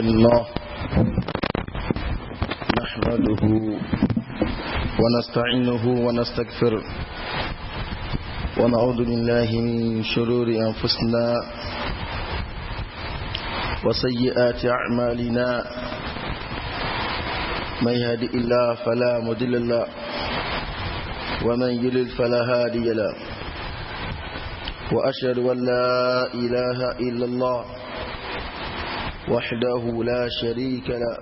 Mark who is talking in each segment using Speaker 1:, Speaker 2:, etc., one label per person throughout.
Speaker 1: الله نحمده ونستعينه ونستغفر ونعوذ بالله من شرور أنفسنا وسيئات أعمالنا من يهدئ الله فلا مضل له ومن يضلل فلا هادي له وأشهد أن لا إله إلا الله وحده لا شريك له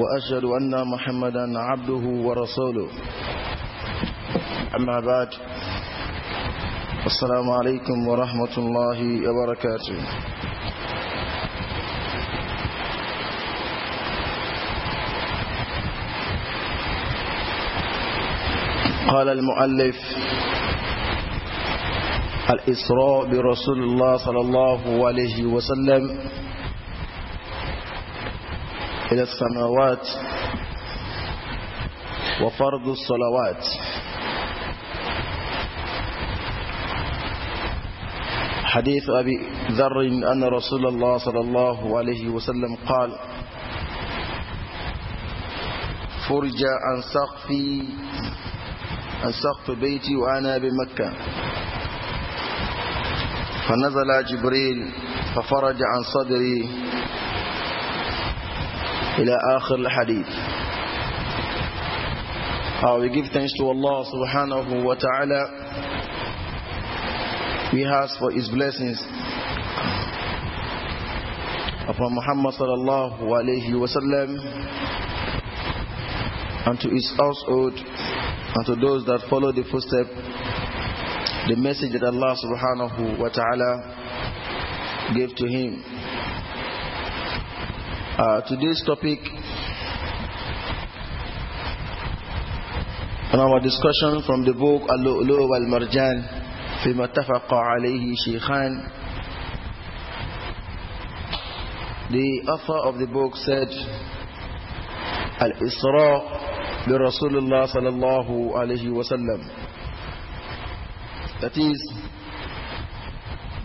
Speaker 1: وأشهد أن محمدا عبده ورسوله أما بعد السلام عليكم ورحمة الله وبركاته قال المؤلف الإسراء برسول الله صلى الله عليه وسلم إلى السماوات وفرض الصلوات حديث أبي ذر أن رسول الله صلى الله عليه وسلم قال فرج عن سقفي عن سقف بيتي وأنا بمكة فنزل جبريل ففرج عن صدري إلى آخر الحديث Uh, we give thanks to Allah subhanahu wa ta'ala. We ask for His blessings upon Muhammad sallallahu alayhi wa sallam and to His household and to those that follow the footsteps the message that Allah subhanahu wa ta'ala gave to him. Uh, today's topic on our discussion from the book Al-Lu'lu' wal-Marjan fi Matafaqa عليه شيخان The author of the book said Al-Isra' لرسول الله صلى الله عليه وسلم that is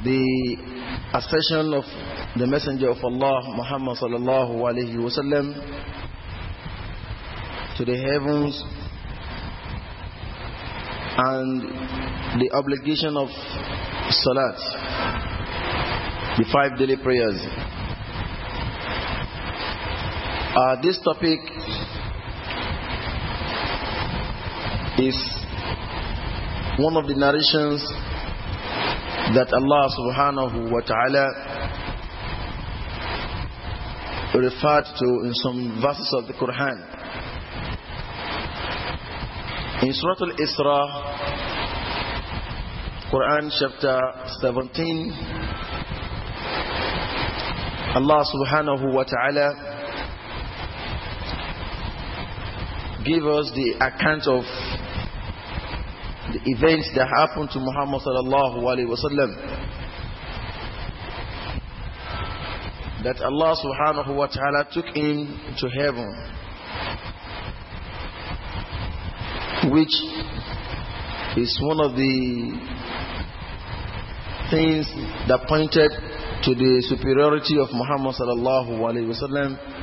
Speaker 1: the ascension of the Messenger of Allah Muhammad sallallahu alayhi wasallam to the heavens and the obligation of Salat, the five daily prayers. Uh, this topic is one of the narrations that Allah subhanahu wa ta'ala referred to in some verses of the Quran. In Surah Al Isra, Quran chapter 17, Allah subhanahu wa ta'ala gave us the account of events that happened to Muhammad sallallahu alaihi wasallam that Allah subhanahu wa ta'ala took him to heaven, which is one of the things that pointed to the superiority of Muhammad sallallahu alayhi wa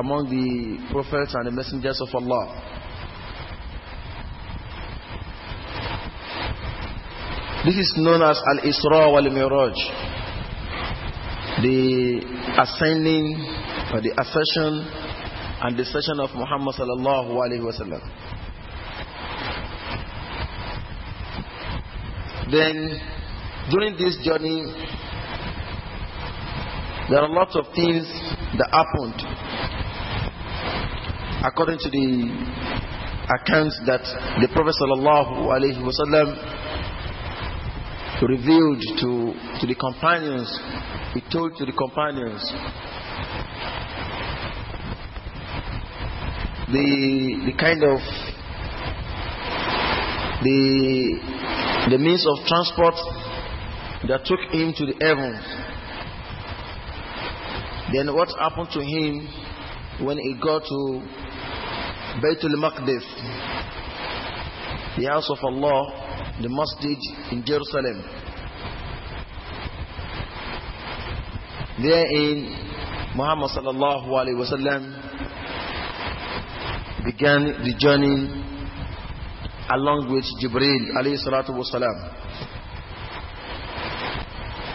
Speaker 1: among the prophets and the messengers of Allah. This is known as Al Isra wal Miraj, the ascending or the ascension and descension of Muhammad sallallahu alaihi wasallam. Then, during this journey, there are lots of things that happened according to the accounts that the Prophet sallallahu alaihi wasallam revealed to, to the companions, he told to the companions. The, the kind of the, the means of transport that took him to the heavens. Then what happened to him when he got to Baytul Maqdis, the house of Allah, the masjid in Jerusalem. Therein, Muhammad sallallahu alayhi wa sallam began the journey along with Jibril alayhi salatu wa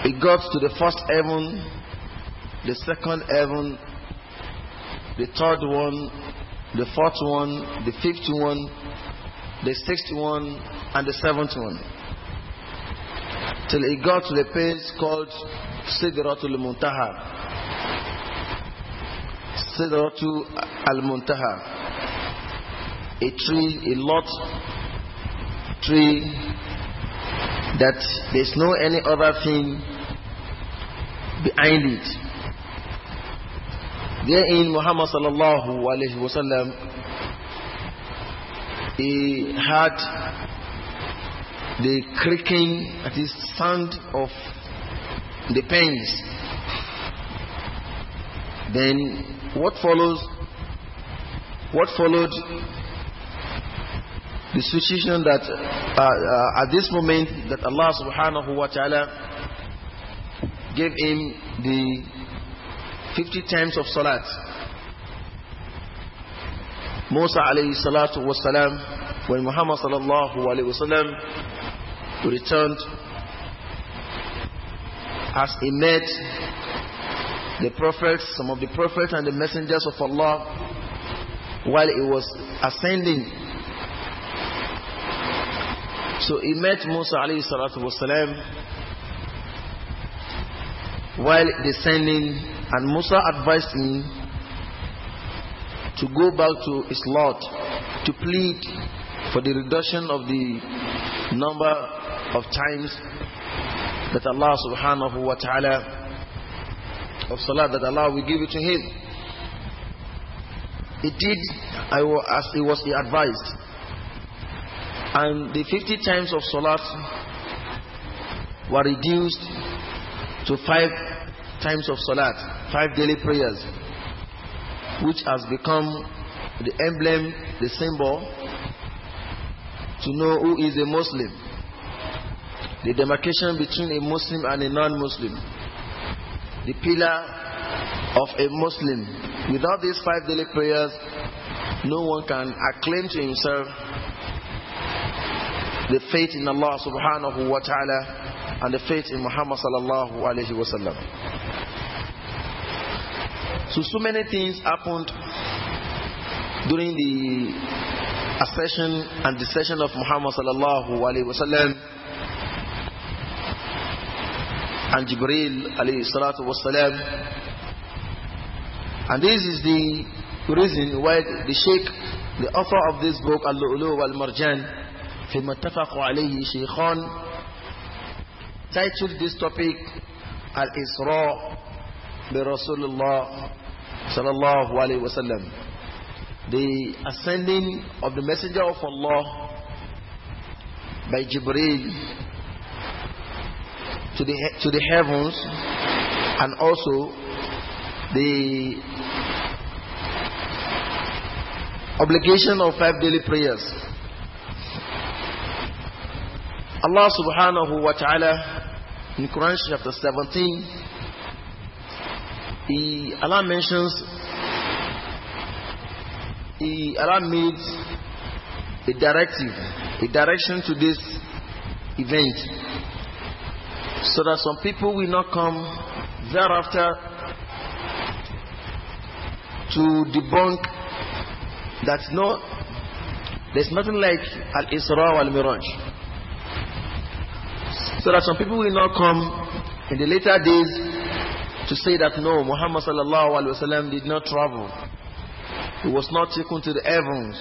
Speaker 1: He got to the first heaven, the second heaven, the third one, the fourth one, the fifth one, the sixth one, and the seventh one. Till he got to the place called Sidratul Muntaha. Sidratul Al Muntaha. A tree, a lot tree that there's no any other thing behind it. Therein Muhammad sallallahu alayhi wa sallam he had the creaking, at the sound of the pens. Then what follows? What followed? The situation that uh, uh, at this moment that Allah subhanahu wa ta'ala gave him the 50 times of salat Musa alayhi salatu wasalam, when Muhammad sallallahu alayhi wasalam returned, as he met the prophets, some of the prophets and the messengers of Allah, while he was ascending. So he met Musa alayhi salatu wasalam while descending, and Musa advised him to go back to his Lord to plead for the reduction of the number of times that Allah subhanahu wa ta'ala of salah that Allah will give it to him. He did as he was advised. And the 50 times of salah were reduced to five times of salah, five daily prayers which has become the emblem, the symbol, to know who is a Muslim. The demarcation between a Muslim and a non Muslim. The pillar of a Muslim. Without these five daily prayers, no one can acclaim to himself the faith in Allah subhanahu wa ta'ala and the faith in Muhammad sallallahu alayhi wa sallam. So, so many things happened during the accession and the session of Muhammad sallallahu alaihi wasallam and Jibril alayhi salatu wasallam. And this is the reason why the Sheikh, the author of this book, Al-Lu'lu wal-Marjan, في متفق عليه شيخان titled this topic Al-Isra برسول الله صلى الله عليه وسلم the ascending of the messenger of Allah by Jibril to the, to the heavens and also the obligation of five daily prayers Allah subhanahu wa ta'ala in Quran chapter 17 he, Allah mentions, he, Allah made a directive, a direction to this event, so that some people will not come thereafter to debunk that no, there's nothing like Al Isra Al Miraj. So that some people will not come in the later days to say that no, Muhammad sallallahu wa sallam did not travel. He was not taken to the heavens.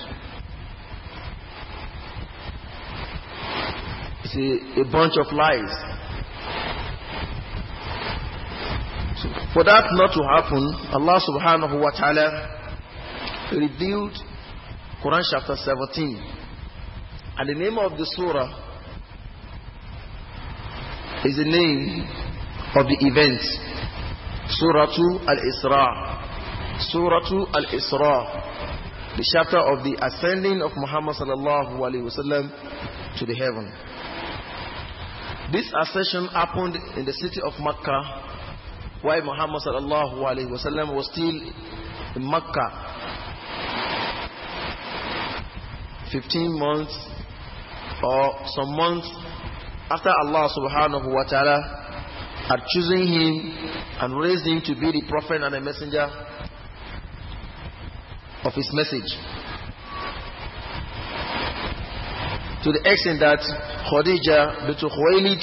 Speaker 1: It's a, a bunch of lies. So for that not to happen, Allah subhanahu wa ta'ala revealed Quran chapter 17. And the name of the surah is the name of the event Surah Al-Isra. Surah Al-Isra. The chapter of the ascending of Muhammad sallallahu alaihi wasallam to the heaven. This ascension happened in the city of Mecca while Muhammad sallallahu alaihi wasallam was still in Mecca. 15 months or some months after Allah subhanahu wa ta'ala had chosen him and raised him to be the prophet and the messenger of his message. To the extent that Khadija bint Khuwailid,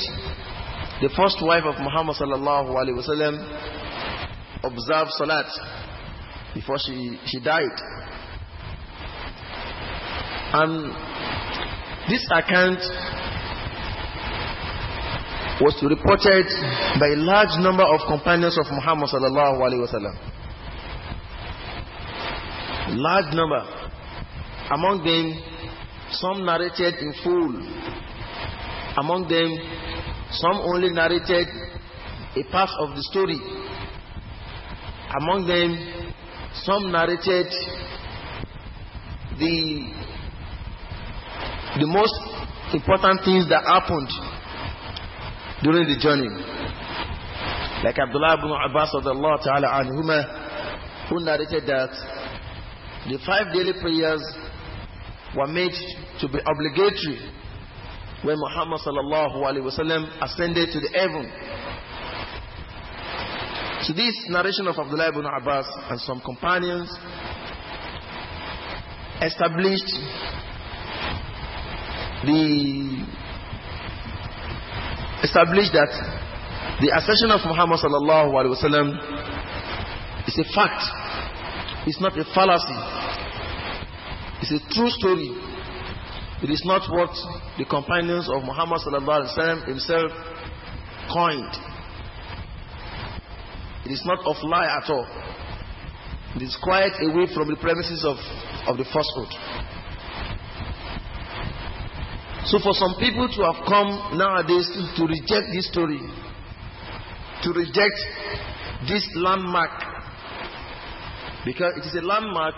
Speaker 1: the first wife of Muhammad sallallahu alaihi wasallam, observed salat before she, she died. And this account was reported by a large number of companions of Muhammad sallallahu alaihi wasallam. Large number. Among them, some narrated in full. Among them, some only narrated a part of the story. Among them, some narrated the the most important things that happened during the journey. Like Abdullah ibn Abbas of Allah Ta'ala anhuma, who narrated that the five daily prayers were made to be obligatory when Muhammad sallallahu alaihi wasallam ascended to the heaven. So this narration of Abdullah ibn Abbas and some companions established the established that the ascension of Muhammad sallallahu alaihi wasallam is a fact. It's not a fallacy. It's a true story. It is not what the companions of Muhammad sallallahu alaihi wasallam himself coined. It is not of lie at all. It is quite away from the premises of, of the falsehood. So, for some people to have come nowadays to, to reject this story, to reject this landmark, because it is a landmark,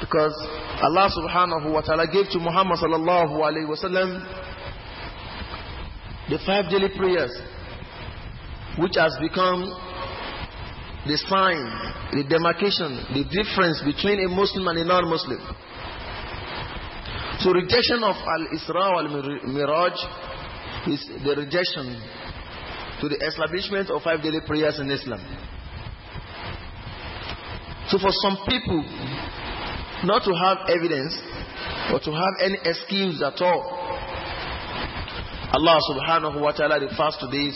Speaker 1: because Allah subhanahu wa ta'ala gave to Muhammad sallallahu alayhi wa sallam the five daily prayers, which has become the sign, the demarcation, the difference between a Muslim and a non Muslim. So rejection of Al-Isra wal-Miraj is the rejection to the establishment of five daily prayers in Islam. So for some people, not to have evidence or to have any excuse at all, Allah subhanahu wa ta'ala refers to this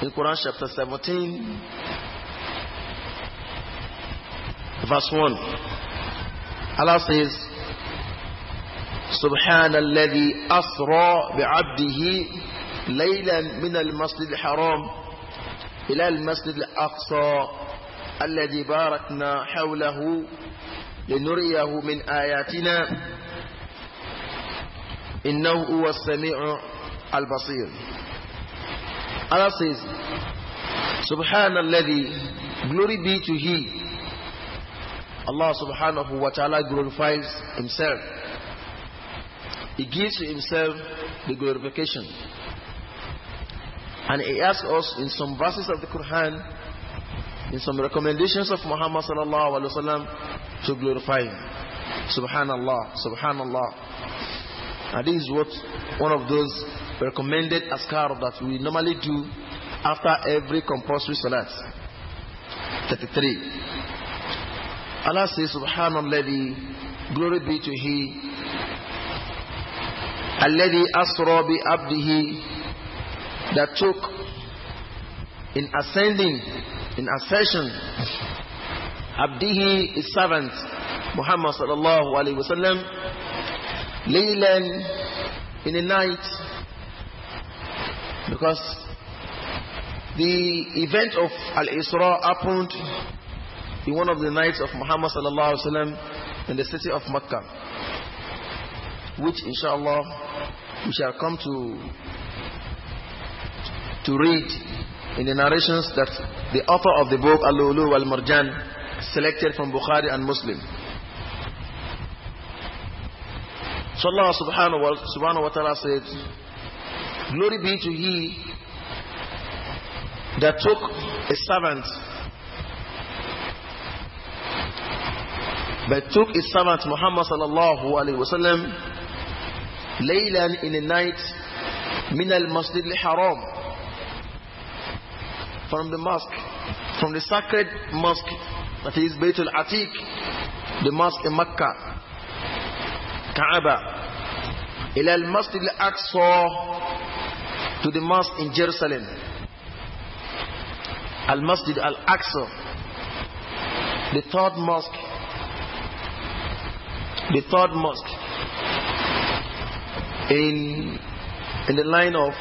Speaker 1: in Quran chapter 17, verse 1. Allah says, سبحان الذي أسرى بعبده ليلا من المسجد الحرام إلى المسجد الأقصى الذي باركنا حوله لنريه من آياتنا إنه هو السميع البصير Allah says الذي glory be to he Allah subhanahu wa ta'ala glorifies himself He gives Himself the glorification. And He asks us in some verses of the Quran, in some recommendations of Muhammad sallallahu alaihi wasallam, to glorify Him. Subhanallah, Subhanallah. And this is what one of those recommended askar that we normally do after every compulsory salat. 33. Allah says, Subhanallah, glory be to He الذي أسرى abdihi that took in ascending in ascension abdihi his servant Muhammad sallallahu alaihi wasallam laylan in the night because the event of al-Isra happened in one of the nights of Muhammad sallallahu alaihi wasallam in the city of Mecca which inshallah we shall come to to read in the narrations that the author of the book Al-Ulu al-Marjan selected from Bukhari and Muslim. So Allah subhanahu wa, subhanahu wa ta'ala said, Glory be to He that took a servant, but took a servant Muhammad sallallahu alayhi wa sallam laylan in the night min al-masjid al-haram from the mosque from the sacred mosque that is Bayt al-Atiq the mosque in Mecca Kaaba ila al-masjid al-aqsa to the mosque in Jerusalem al-masjid al-aqsa the third mosque the third mosque in in the line of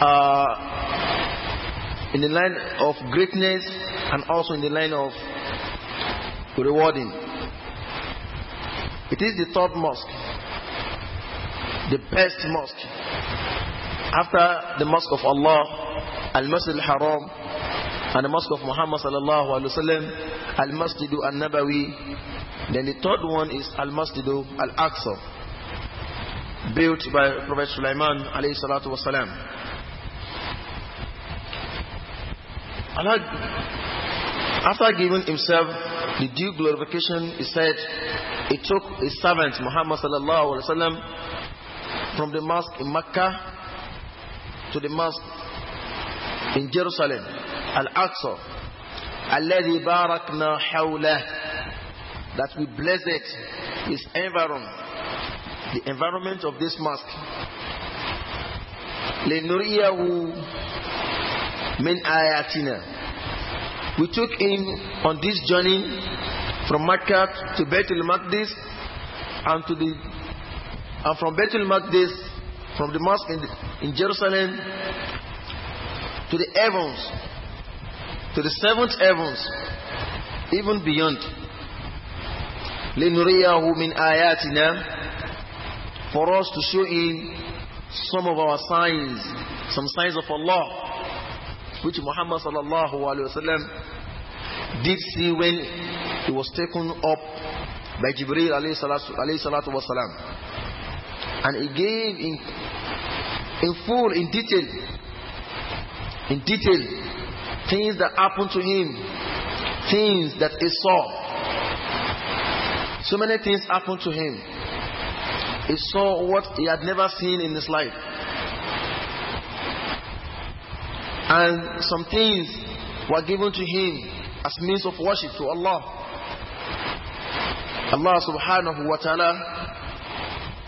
Speaker 1: uh, in the line of greatness and also in the line of rewarding. It is the third mosque, the best mosque after the mosque of Allah, Al Masjid Al Haram, and the mosque of Muhammad sallallahu alaihi wasallam, Al Masjid Al Nabawi. Then the third one is Al Masjid Al Aqsa built by Prophet Sulaiman alayhi salatu wasalam. Allah, after giving himself the due glorification, he said, he took his servant Muhammad sallallahu alayhi from the mosque in Mecca to the mosque in Jerusalem, Al-Aqsa, الذي باركنا حوله that we blessed his environment the environment of this mosque. min ayatina. We took him on this journey from Makkah to Baitul Maqdis and to the and from Baitul Maqdis from the mosque in, in Jerusalem to the heavens to the seventh heavens even beyond لنريه من آياتنا for us to show him some of our signs, some signs of Allah, which Muhammad sallallahu alayhi wa sallam did see when he was taken up by Jibreel alayhi salatu wa sallam. And he gave in, in full, in detail, in detail, things that happened to him, things that he saw. So many things happened to him. He saw what he had never seen in his life. And some things were given to him as means of worship to Allah. Allah subhanahu wa ta'ala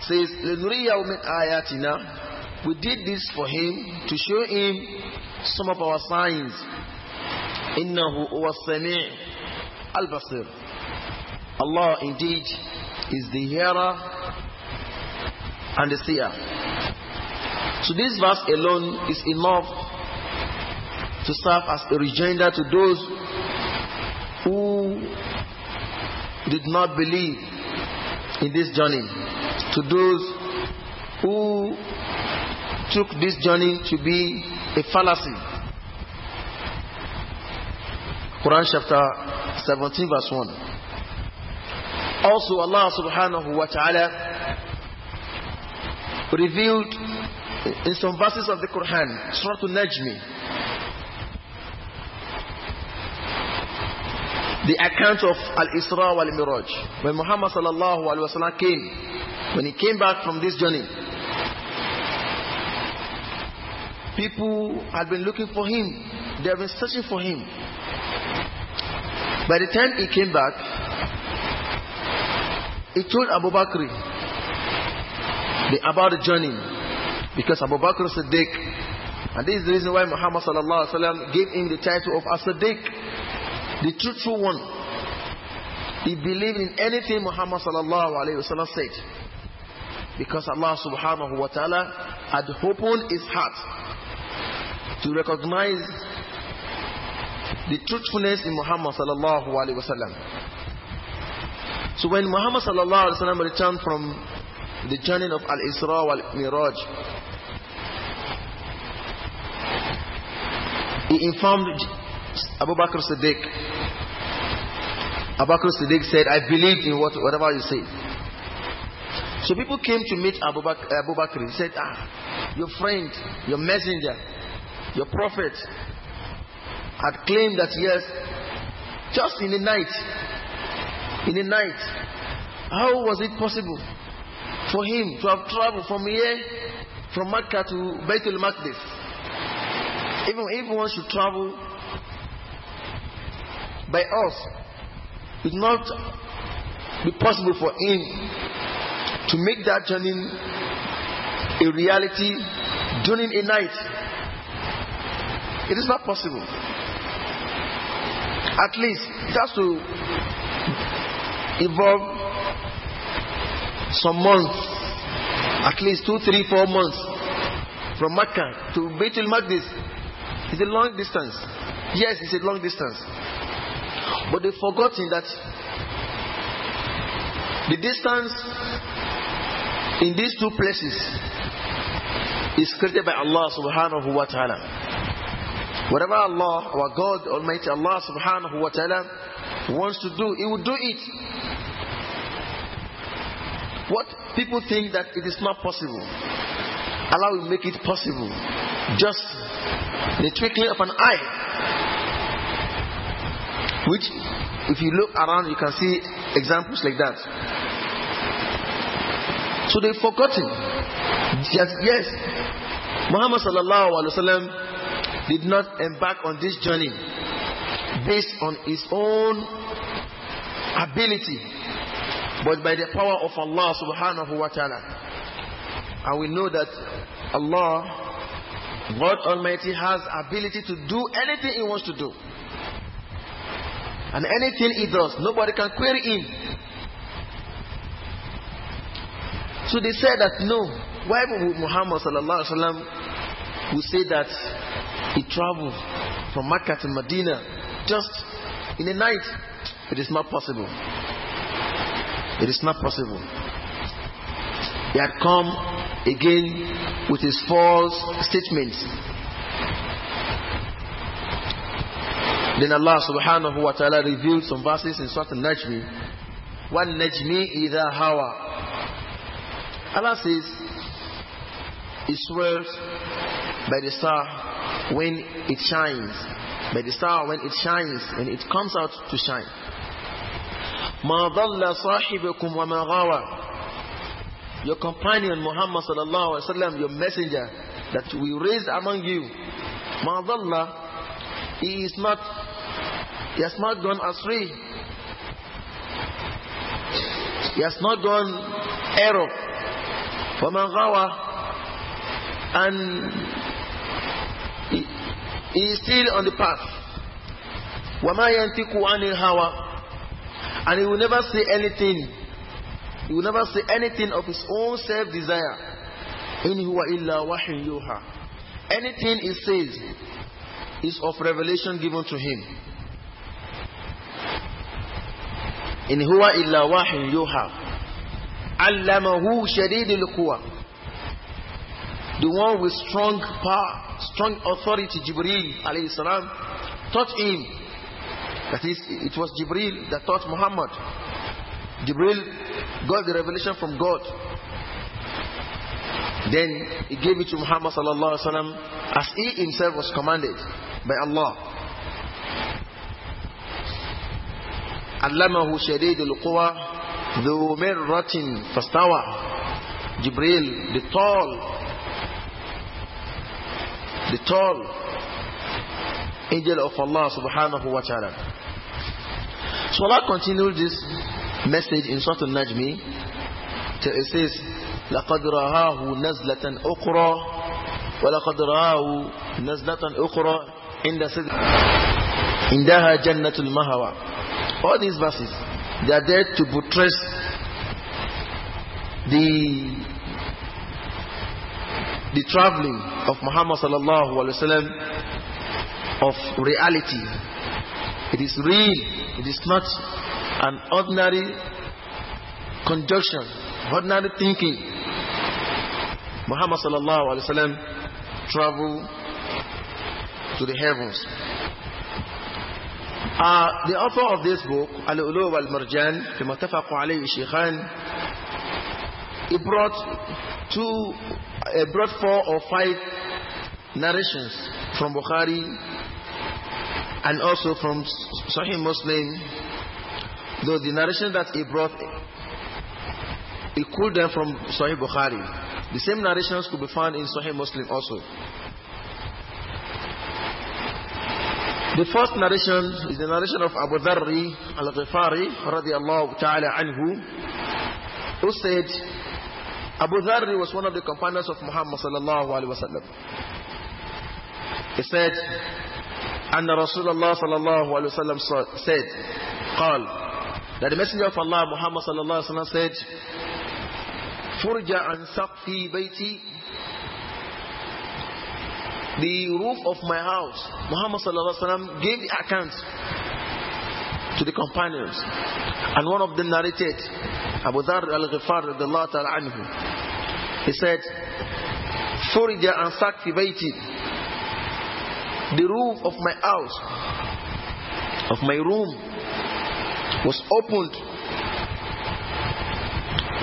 Speaker 1: says, ayatina. We did this for him to show him some of our signs. Innahu huwa sami' al-basir. Allah indeed is the hearer and the seer. So this verse alone is enough to serve as a rejoinder to those who did not believe in this journey, to those who took this journey to be a fallacy. Quran chapter 17 verse 1. Also Allah subhanahu wa ta'ala revealed in some verses of the Quran, Surah Najmi. The account of Al Isra wal Miraj. When Muhammad sallallahu alayhi wasallam came, when he came back from this journey, people had been looking for him. They had been searching for him. By the time he came back, he told Abu Bakr, the, about the journey. Because Abu Bakr Siddiq, and this is the reason why Muhammad sallallahu alaihi wasallam gave him the title of As-Siddiq, the truthful one. He believed in anything Muhammad sallallahu alaihi wasallam said. Because Allah subhanahu wa ta'ala had opened his heart to recognize the truthfulness in Muhammad sallallahu alaihi wasallam. So when Muhammad sallallahu alaihi wasallam returned from the journey of Al Isra wal Miraj. He informed Abu Bakr Siddiq. Abu Bakr Siddiq said, I believe in what, whatever you say. So people came to meet Abu, Bakr. Abu Bakr. He said, Ah, your friend, your messenger, your prophet had claimed that yes, just in the night, in the night, how was it possible? for him to have traveled from here, from Mecca to Baitul Maqdis. Even if one should travel by us, it would not be possible for him to make that journey a reality during a night. It is not possible. At least it has to evolve some months, at least two, three, four months, from Mecca to Baitul Maqdis. It's a long distance. Yes, it's a long distance. But they've forgotten that the distance in these two places is created by Allah subhanahu wa ta'ala. Whatever Allah, our God, Almighty Allah subhanahu wa ta'ala wants to do, He will do it. What people think that it is not possible, Allah will make it possible. Just the twinkling of an eye. Which, if you look around, you can see examples like that. So they've forgotten. Yes, yes. Muhammad sallallahu wa sallam did not embark on this journey based on his own ability but by the power of Allah subhanahu wa ta'ala. And we know that Allah, God Almighty, has ability to do anything He wants to do. And anything He does, nobody can query Him. So they said that no, why would Muhammad sallallahu alaihi wasallam who say that he traveled from Makkah to Medina just in a night? It is not possible. It is not possible. He had come again with his false statements. Then Allah subhanahu wa ta'ala revealed some verses in Surah Al-Najmi. One Najmi either Hawa. Allah says, He swears by the star when it shines. By the star when it shines, when it comes out to shine. Ma dhalla wa magawa. Your companion Muhammad sallallahu alaihi wasallam, your messenger that we raised among you. Ma he is not, he has not gone astray. He has not gone error. Wa magawa, And he is still on the path. وَمَا يَنْتِقُ عَنِ الْهَوَى and he will never say anything. He will never say anything of his own self desire. In illa wahyun yuha. Anything he says is of revelation given to him. In huwa illa wahyun yuha. Allamahu shadidul quwa. The one with strong power, strong authority, Jibreel alayhi salam, taught him that is, it was Jibril that taught Muhammad. Jibril got the revelation from God. Then he gave it to Muhammad sallallahu alaihi wasallam as he himself was commanded by Allah. علمه شديد القوى ذو مرة فاستوى Jibril, the tall, the tall angel of Allah subhanahu wa ta'ala. So Allah continued this message in Surah Al-Najmi till it says, لَقَدْ رَآهُ نَزْلَةً أُخْرَى وَلَقَدْ رَآهُ نَزْلَةً أُخْرَى عِنْدَ سِدْرَةٍ عِنْدَهَا جَنَّةُ الْمَهَوَى All these verses, they are there to buttress the the traveling of Muhammad sallallahu alaihi wasallam of reality. It is real, it is not an ordinary conjunction, ordinary thinking. Muhammad sallallahu wa sallam traveled to the heavens. Uh, the author of this book, Al-Ulu wal-Marjan, fi matafaqu alayhi shaykhan, he brought two, he brought four or five narrations from Bukhari and also from Sahih Muslim, though the narration that he brought, he them from Sahih Bukhari. The same narrations could be found in Sahih Muslim also. The first narration is the narration of Abu Dharri al-Ghifari radiallahu ta'ala anhu who said Abu Dharri was one of the companions of Muhammad sallallahu alayhi wa sallam. He said and Rasulullah صلى الله عليه وسلم said, قال, that the messenger of Allah Muhammad صلى الله عليه وسلم said, Furja عن سقف بيتي." the roof of my house. Muhammad صلى الله عليه وسلم gave the account to the companions. And one of them narrated, Abu Dhar al-Ghifar radiallahu ta'ala anhu. He said, Furja عن سقف بيتي." the roof of my house, of my room, was opened.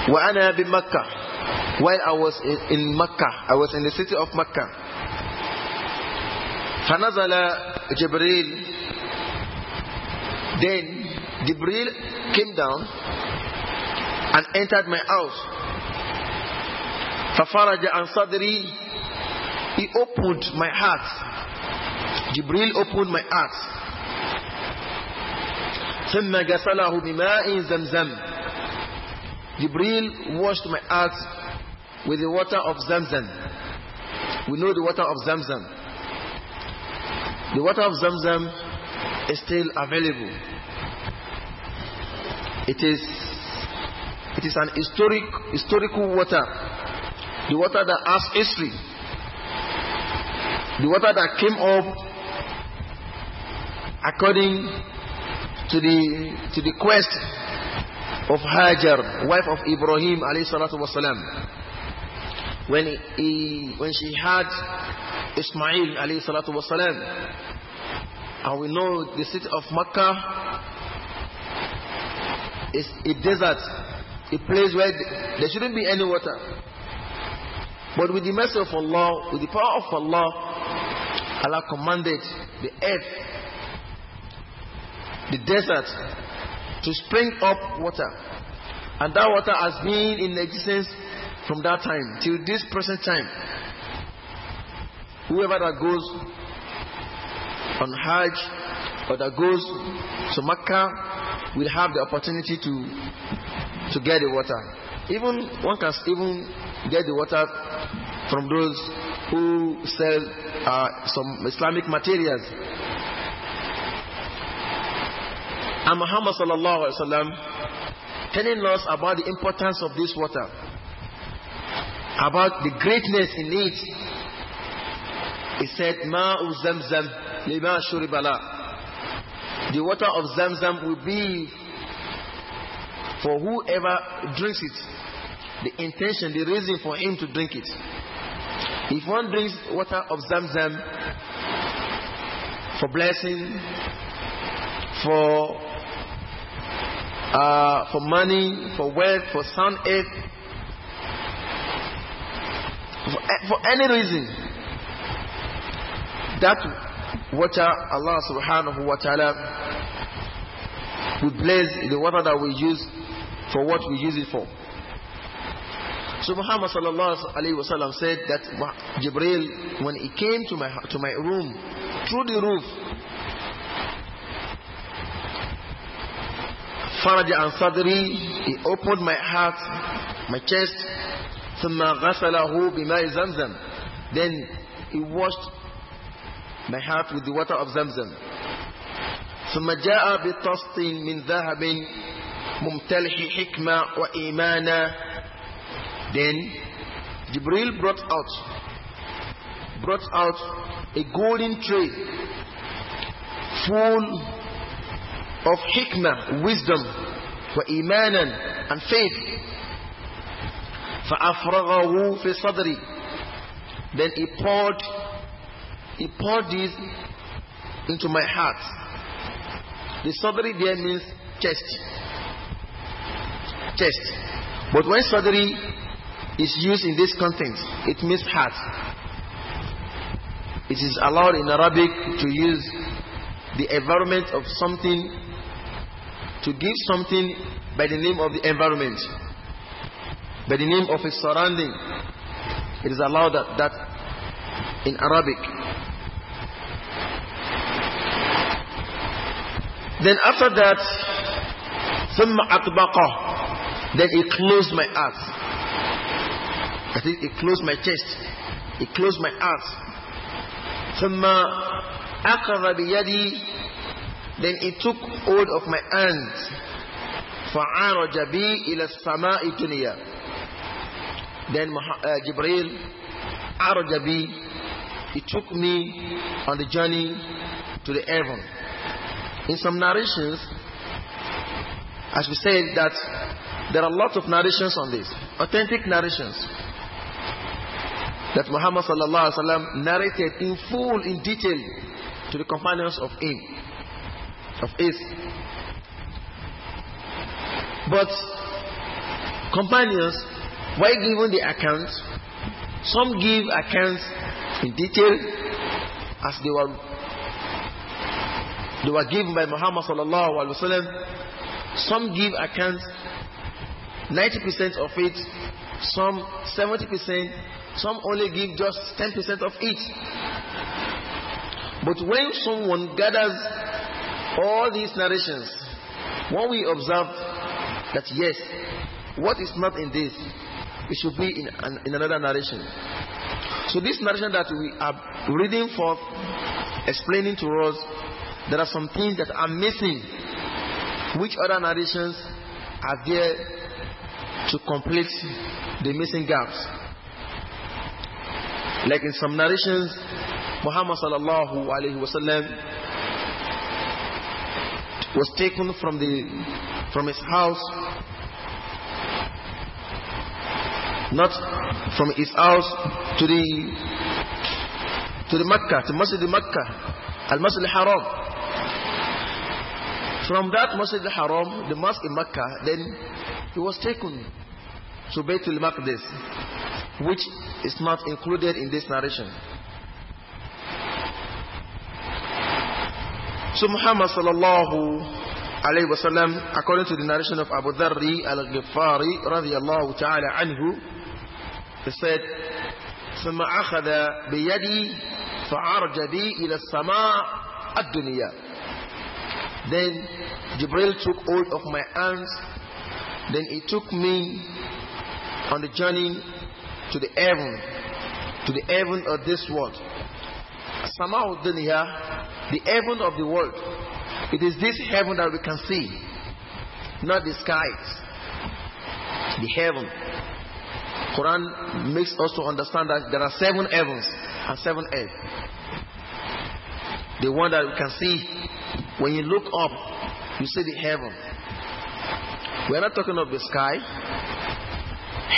Speaker 1: while I was in Mecca, I was in the city of Mecca. فنزل جبريل then Jibril came down and entered my house. ففرج عن صدري he opened my heart Jibril opened my eyes. ثم غسله بماء زمزم Jibril washed my heart with the water of Zamzam. We know the water of Zamzam. The water of Zamzam is still available. It is, it is an historic, historical water. The water that has history. The water that came up according to the to the quest of Hajar, wife of Ibrahim alayhi When he when she had Ismail alayhi and we know the city of Makkah is a desert, a place where there shouldn't be any water. But with the mercy of Allah, with the power of Allah, Allah commanded the earth the desert to spring up water. And that water has been in existence from that time till this present time. Whoever that goes on Hajj or that goes to Mecca will have the opportunity to to get the water. Even one can even get the water from those who sell uh, some Islamic materials and Muhammad sallallahu alaihi wasallam telling us about the importance of this water, about the greatness in it. He said, "Ma'u zamzam lima shuribala." The water of Zamzam will be for whoever drinks it. The intention, the reason for him to drink it. If one drinks water of Zamzam for blessing, for uh, for money, for wealth, for sound health, for, eh, for any reason. That water, Allah subhanahu wa ta'ala will bless the water that we use for what we use it for. So Muhammad sallallahu alayhi wa sallam said that Jibril, when he came to my, to my room, through the roof, Faraj and صدري he opened my heart my chest then he washed my heart with the water of Zamzam. then Jibril brought out brought out a golden tray full of hikmah, wisdom, wa imanan, and faith. فَأَفْرَغَهُ فِي صَدْرِ Then he poured, he poured this into my heart. The sadri there means chest. Chest. But when sadri is used in this context, it means heart. It is allowed in Arabic to use the environment of something to give something by the name of the environment, by the name of its surrounding. It is allowed that, that in Arabic. Then after that, ثم أطبقه Then he closed my eyes. think he closed my chest. He closed my eyes. ثم أخذ بيدي then he took hold of my hand. فَعَارَجَ بِي إِلَى السَّمَاءِ دُنِيَا Then uh, Jibril, عَارَجَ بِي He took me on the journey to the heaven. In some narrations, as we said that there are a lot of narrations on this, authentic narrations that Muhammad sallallahu wa sallam narrated in full, in detail to the companions of him of his. But companions, why given the accounts, some give accounts in detail as they were they were given by Muhammad sallallahu alaihi wasallam. Some give accounts 90% of it, some 70%, some only give just 10% of it. But when someone gathers all these narrations, when we observe that yes, what is not in this, it should be in, an, in another narration. So, this narration that we are reading forth, explaining to us, there are some things that are missing, which other narrations are there to complete the missing gaps. Like in some narrations, Muhammad sallallahu alayhi wa sallam was taken from, the, from his house, not from his house to the, to the Mecca, to Masjid Mecca, Al Masjid Al Haram. From that Masjid Al Haram, the mosque in Mecca, then he was taken to Bayt Maqdis, which is not included in this narration. So Muhammad sallallahu alayhi sallam, according to the narration of Abu Dharri al-Ghifari radiyallahu ta'ala anhu, he said, ثم أخذ بيدي فعرج بي إلى السماء الدنيا. Then Jibril took hold of my hands. Then he took me on the journey to the heaven, to the heaven of this world. Sama'ud Dunya, the heaven of the world. It is this heaven that we can see, not the skies. The heaven. Quran makes us to understand that there are seven heavens and seven earth. The one that we can see, when you look up, you see the heaven. We are not talking of the sky,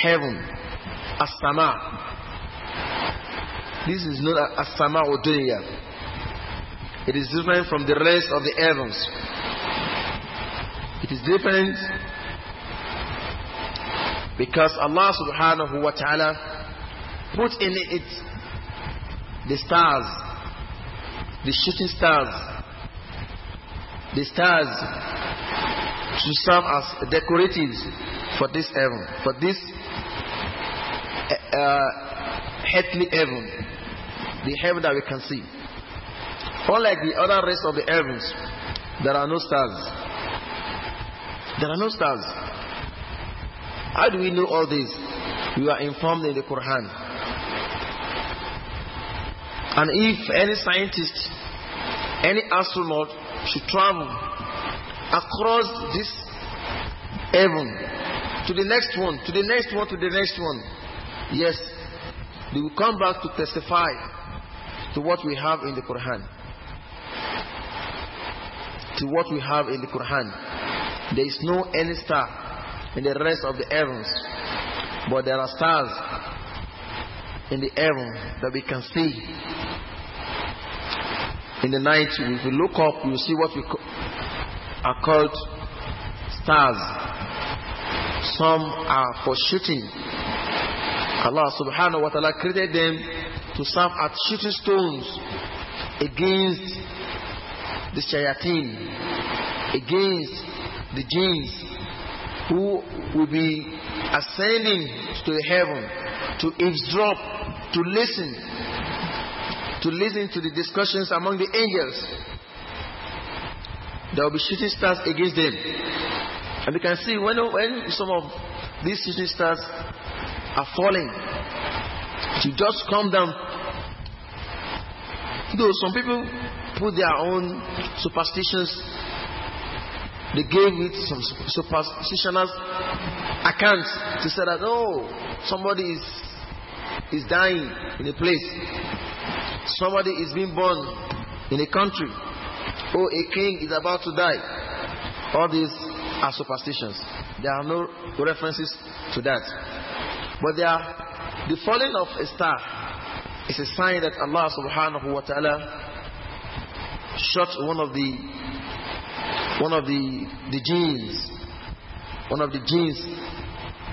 Speaker 1: heaven, as-sama, this is not as Sama It It is different from the rest of the heavens. It is different because Allah subhanahu wa ta'ala put in it the stars, the shooting stars, the stars to serve as decorations for this heaven, for this uh, uh earthly heaven, the heaven that we can see. Unlike the other rest of the heavens, there are no stars. There are no stars. How do we know all this? We are informed in the Quran. And if any scientist, any astronaut should travel across this heaven to the next one, to the next one, to the next one, yes, they will come back to testify to what we have in the Quran. To what we have in the Quran. There is no any star in the rest of the heavens, but there are stars in the heaven that we can see. In the night, if you look up, you see what we are called stars. Some are for shooting, Allah subhanahu wa ta'ala created them to serve as shooting stones against the shayateen, against the jinns who will be ascending to the heaven to eavesdrop, to listen, to listen to the discussions among the angels. There will be shooting stars against them. And you can see when, when some of these shooting stars are falling. You just calm down. Though some people put their own superstitions, they gave it some superstitioners accounts to say that, oh, somebody is, is dying in a place, somebody is being born in a country, oh, a king is about to die. All these are superstitions. There are no references to that. But are, the falling of a star is a sign that Allah subhanahu wa ta'ala shot one of the one of the the jinns one of the jinns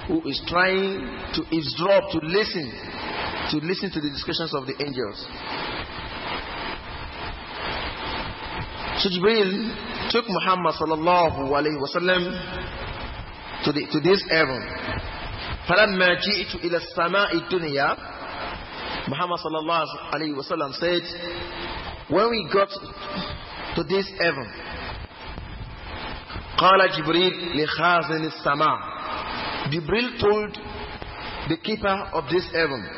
Speaker 1: who is trying to eavesdrop to listen to listen to the discussions of the angels so Jibril took Muhammad sallallahu alayhi wasallam to to this heaven فلما جئت إلى السماء الدنيا Muhammad صلى الله عليه وسلم said when we got to this heaven قال جبريل لخازن السماء جبريل told the keeper of this heaven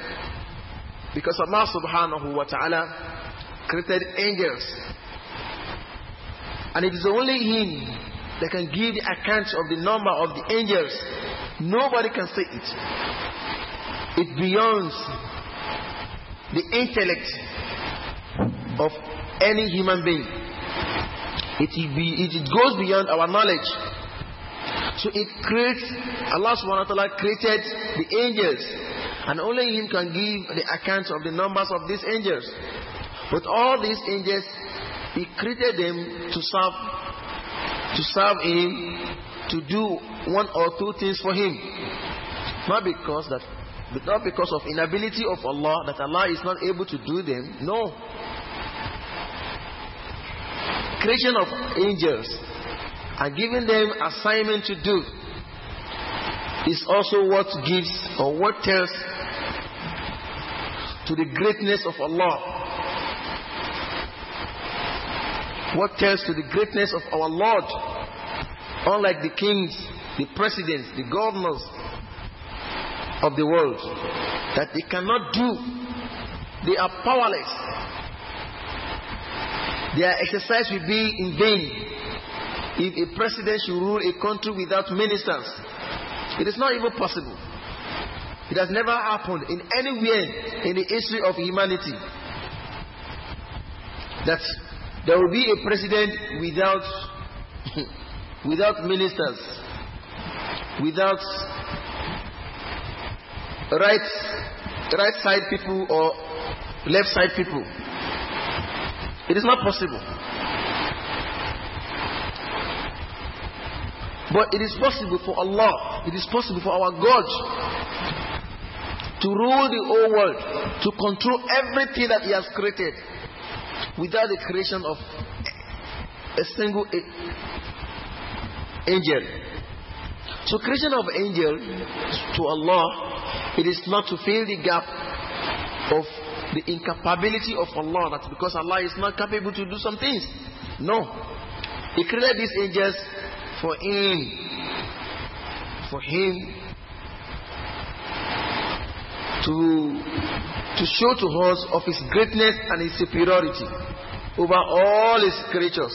Speaker 1: because Allah subhanahu wa ta'ala created angels and it is only him They can give account of the number of the angels. Nobody can say it. It beyonds the intellect of any human being. It, be, it goes beyond our knowledge. So it creates, Allah subhanahu wa ta'ala created the angels. And only Him can give the account of the numbers of these angels. But all these angels, He created them to serve to serve Him, to do one or two things for Him. Not because that, not because of inability of Allah that Allah is not able to do them. No. Creation of angels and giving them assignment to do is also what gives or what tells to the greatness of Allah. What tells to the greatness of our Lord? Unlike the kings, the presidents, the governors of the world, that they cannot do, they are powerless. Their exercise will be in vain. If a president should rule a country without ministers, it is not even possible. It has never happened in anywhere in the history of humanity. that. There will be a president without, without ministers, without right, right side people or left side people. It is not possible. But it is possible for Allah, it is possible for our God to rule the whole world, to control everything that He has created without the creation of a single angel. So, creation of angel to Allah, it is not to fill the gap of the incapability of Allah. That's because Allah is not capable to do some things. No, He created these angels for Him, for Him to to show to us of his greatness and his superiority over all his creatures.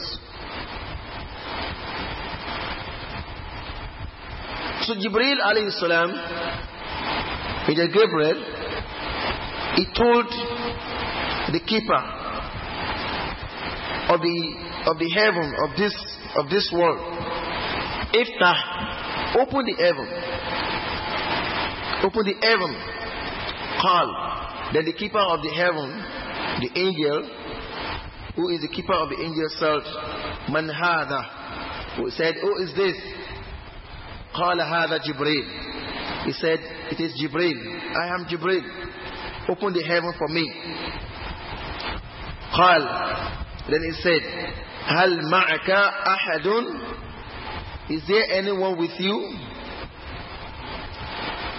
Speaker 1: So Jibril alayhi salam, with Gabriel, he told the keeper of the of the heaven of this of this world, if Iftah, open the heaven, open the heaven, call. Then the keeper of the heaven, the angel, who is the keeper of the angel, said, Man Who said, Who is this? Qala hadha Jibreel. He said, It is Jibreel. I am Jibreel. Open the heaven for me. Qal. Then he said, Hal ma'aka ahadun? Is there anyone with you?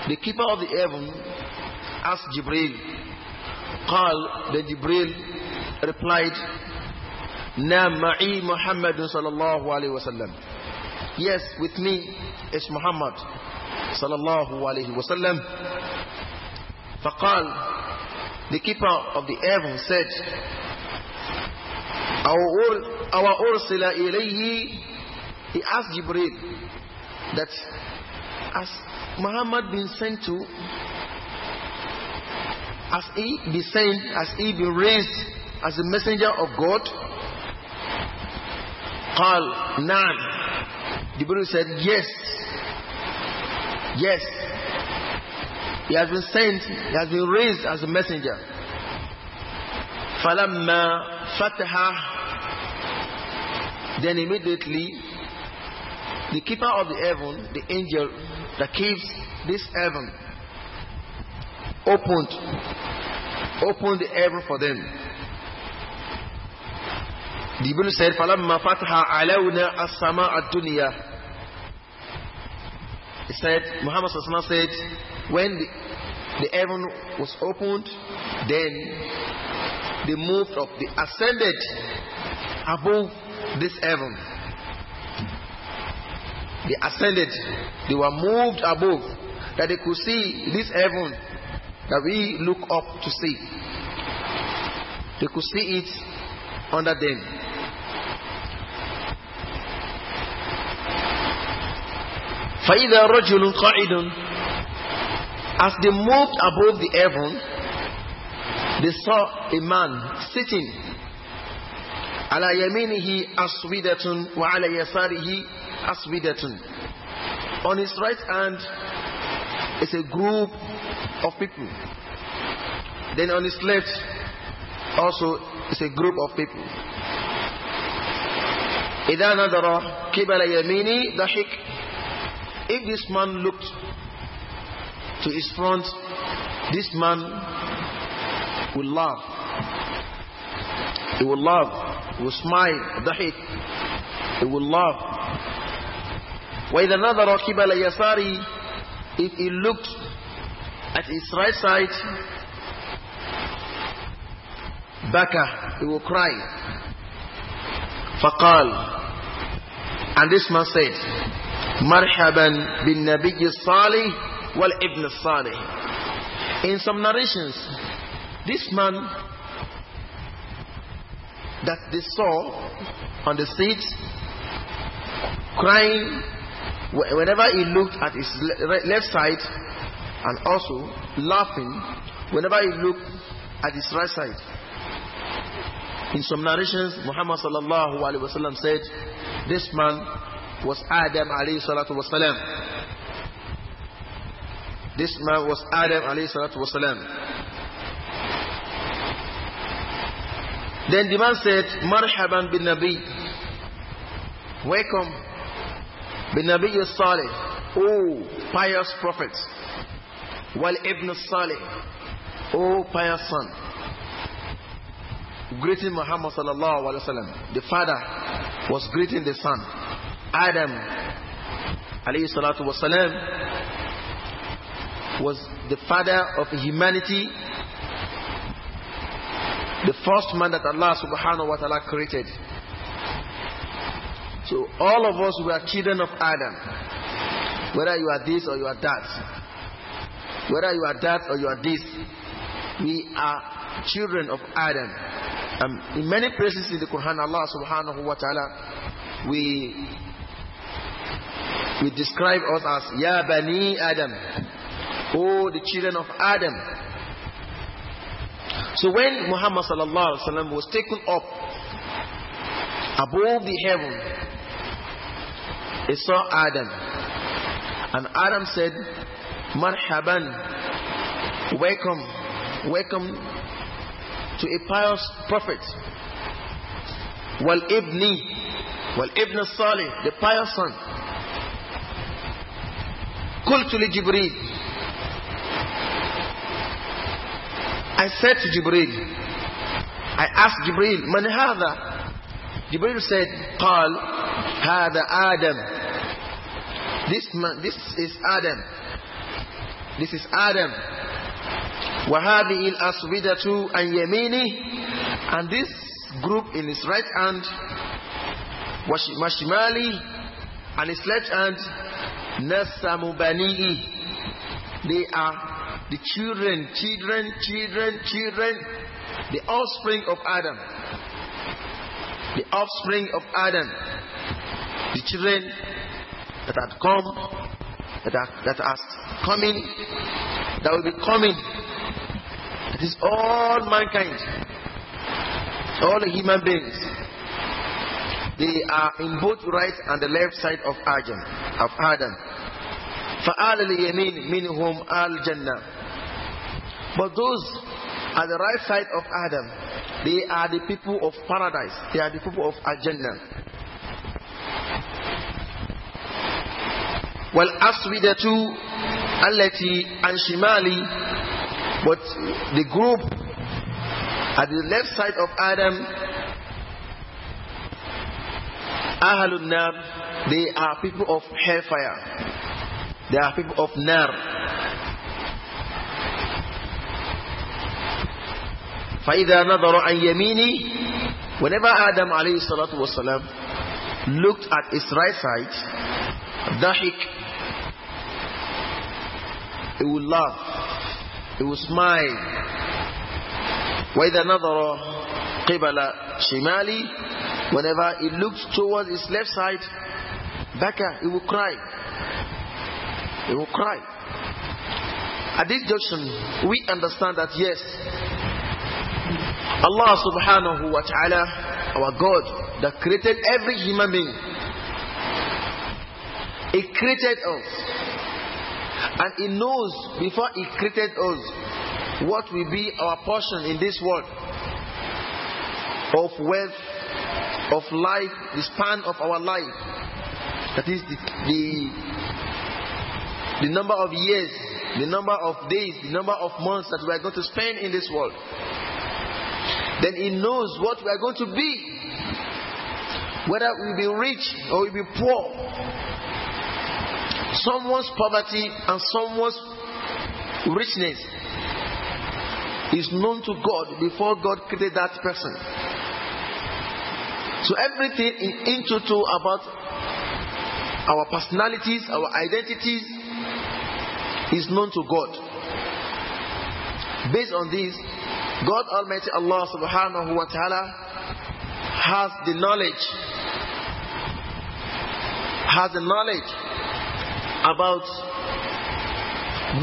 Speaker 1: The keeper of the heaven asked Jibreel, قال the Jibril replied نعم معي محمد صلى الله عليه وسلم yes with me is Muhammad صلى الله عليه وسلم فقال the keeper of the heaven said أو أرسل إليه he asked Jibril that has Muhammad been sent to has he been sent? Has he been raised as a messenger of God? Qal, The Jibril said, Yes. Yes. He has been sent, he has been raised as a messenger. Falamma fataha. Then immediately, the keeper of the heaven, the angel that keeps this heaven, opened opened the heaven for them. The Bible said, فَلَمَّا فَتْحَ عَلَوْنَا السَّمَاءَ الدُّنْيَا He said, Muhammad Sallallahu said, when the, the heaven was opened, then they moved up, they ascended above this heaven. They ascended, they were moved above, that they could see this heaven that we look up to see. They could see it under them. فإذا رجل قاعد as they moved above the heaven they saw a man sitting على يمينه أسودة وعلى يساره أسودة on his right hand is a group of people. Then on his left, also is a group of people. إذا نظر If this man looked to his front, this man will laugh. He will laugh. He will smile. ضحك. He will laugh. وإذا نظر قبل يساري If he looked at his right side, Baka, he will cry. Faqal. And this man said, Marhaban bin Nabi Salih wal Ibn Salih. In some narrations, this man that they saw on the street crying whenever he looked at his left side and also laughing whenever he look at his right side. In some narrations, Muhammad sallallahu alaihi wasallam said, "This man was Adam alayhi salatu wasalam. This man was Adam alayhi salatu wasalam." Then the man said, "Marhaban bin Nabi, welcome, bin Nabi Salih, oh pious prophets." Wal Ibn Salih, O oh, pious son, greeting Muhammad sallallahu wa sallam. The father was greeting the son. Adam alayhi salatu wasalam was the father of humanity. The first man that Allah subhanahu wa ta'ala created. So all of us were children of Adam. Whether you are this or you are that. Whether you are that or you are this, we are children of Adam. Um, in many places in the Quran, Allah subhanahu wa ta'ala, we, we describe us as Ya Bani Adam, oh the children of Adam. So when Muhammad sallallahu alaihi wasallam was taken up above the heaven, he saw Adam, and Adam said, Marhaban. Welcome. Welcome to a pious prophet. Wal Ibni. Wal Ibn Salih, the pious son. Qultu li Jibreel. I said to Jibreel, I asked Jibreel, Man hadha? Jibreel said, Qal, Hada Adam. This man, this is Adam. This is Adam. Wahabi الْأَصْوِدَةُ أَنْ يَمِينِهِ And this group in his right hand, Mashimali, And his left hand, Nasamubani. They are the children, children, children, children, the offspring of Adam. The offspring of Adam. The children that had come that are, that are coming, that will be coming. It is all mankind, all human beings. They are in both right and the left side of Adam. Of Adam. فَآلَ الْيَمِينِ مِنْهُمْ آلْ But those at the right side of Adam, they are the people of paradise. They are the people of Jannah. والأصودة التي and Shimali, but the group at the left side of Adam Ahalun Nar they are people of hellfire they are people of Nar فإذا نظر عن يميني whenever Adam عليه looked at his right side ضحك he will laugh he will smile وإذا نظر قبل شمالي whenever he looks towards his left side Baka he will cry he will cry at this junction we understand that yes Allah subhanahu wa ta'ala our God that created every human being he created us. And He knows before He created us what will be our portion in this world of wealth, of life, the span of our life. That is the, the, the number of years, the number of days, the number of months that we are going to spend in this world. Then He knows what we are going to be. Whether we will be rich or we will be poor, someone's poverty and someone's richness is known to God before God created that person. So everything in, into total about our personalities, our identities is known to God. Based on this, God Almighty Allah subhanahu wa ta'ala has the knowledge has the knowledge about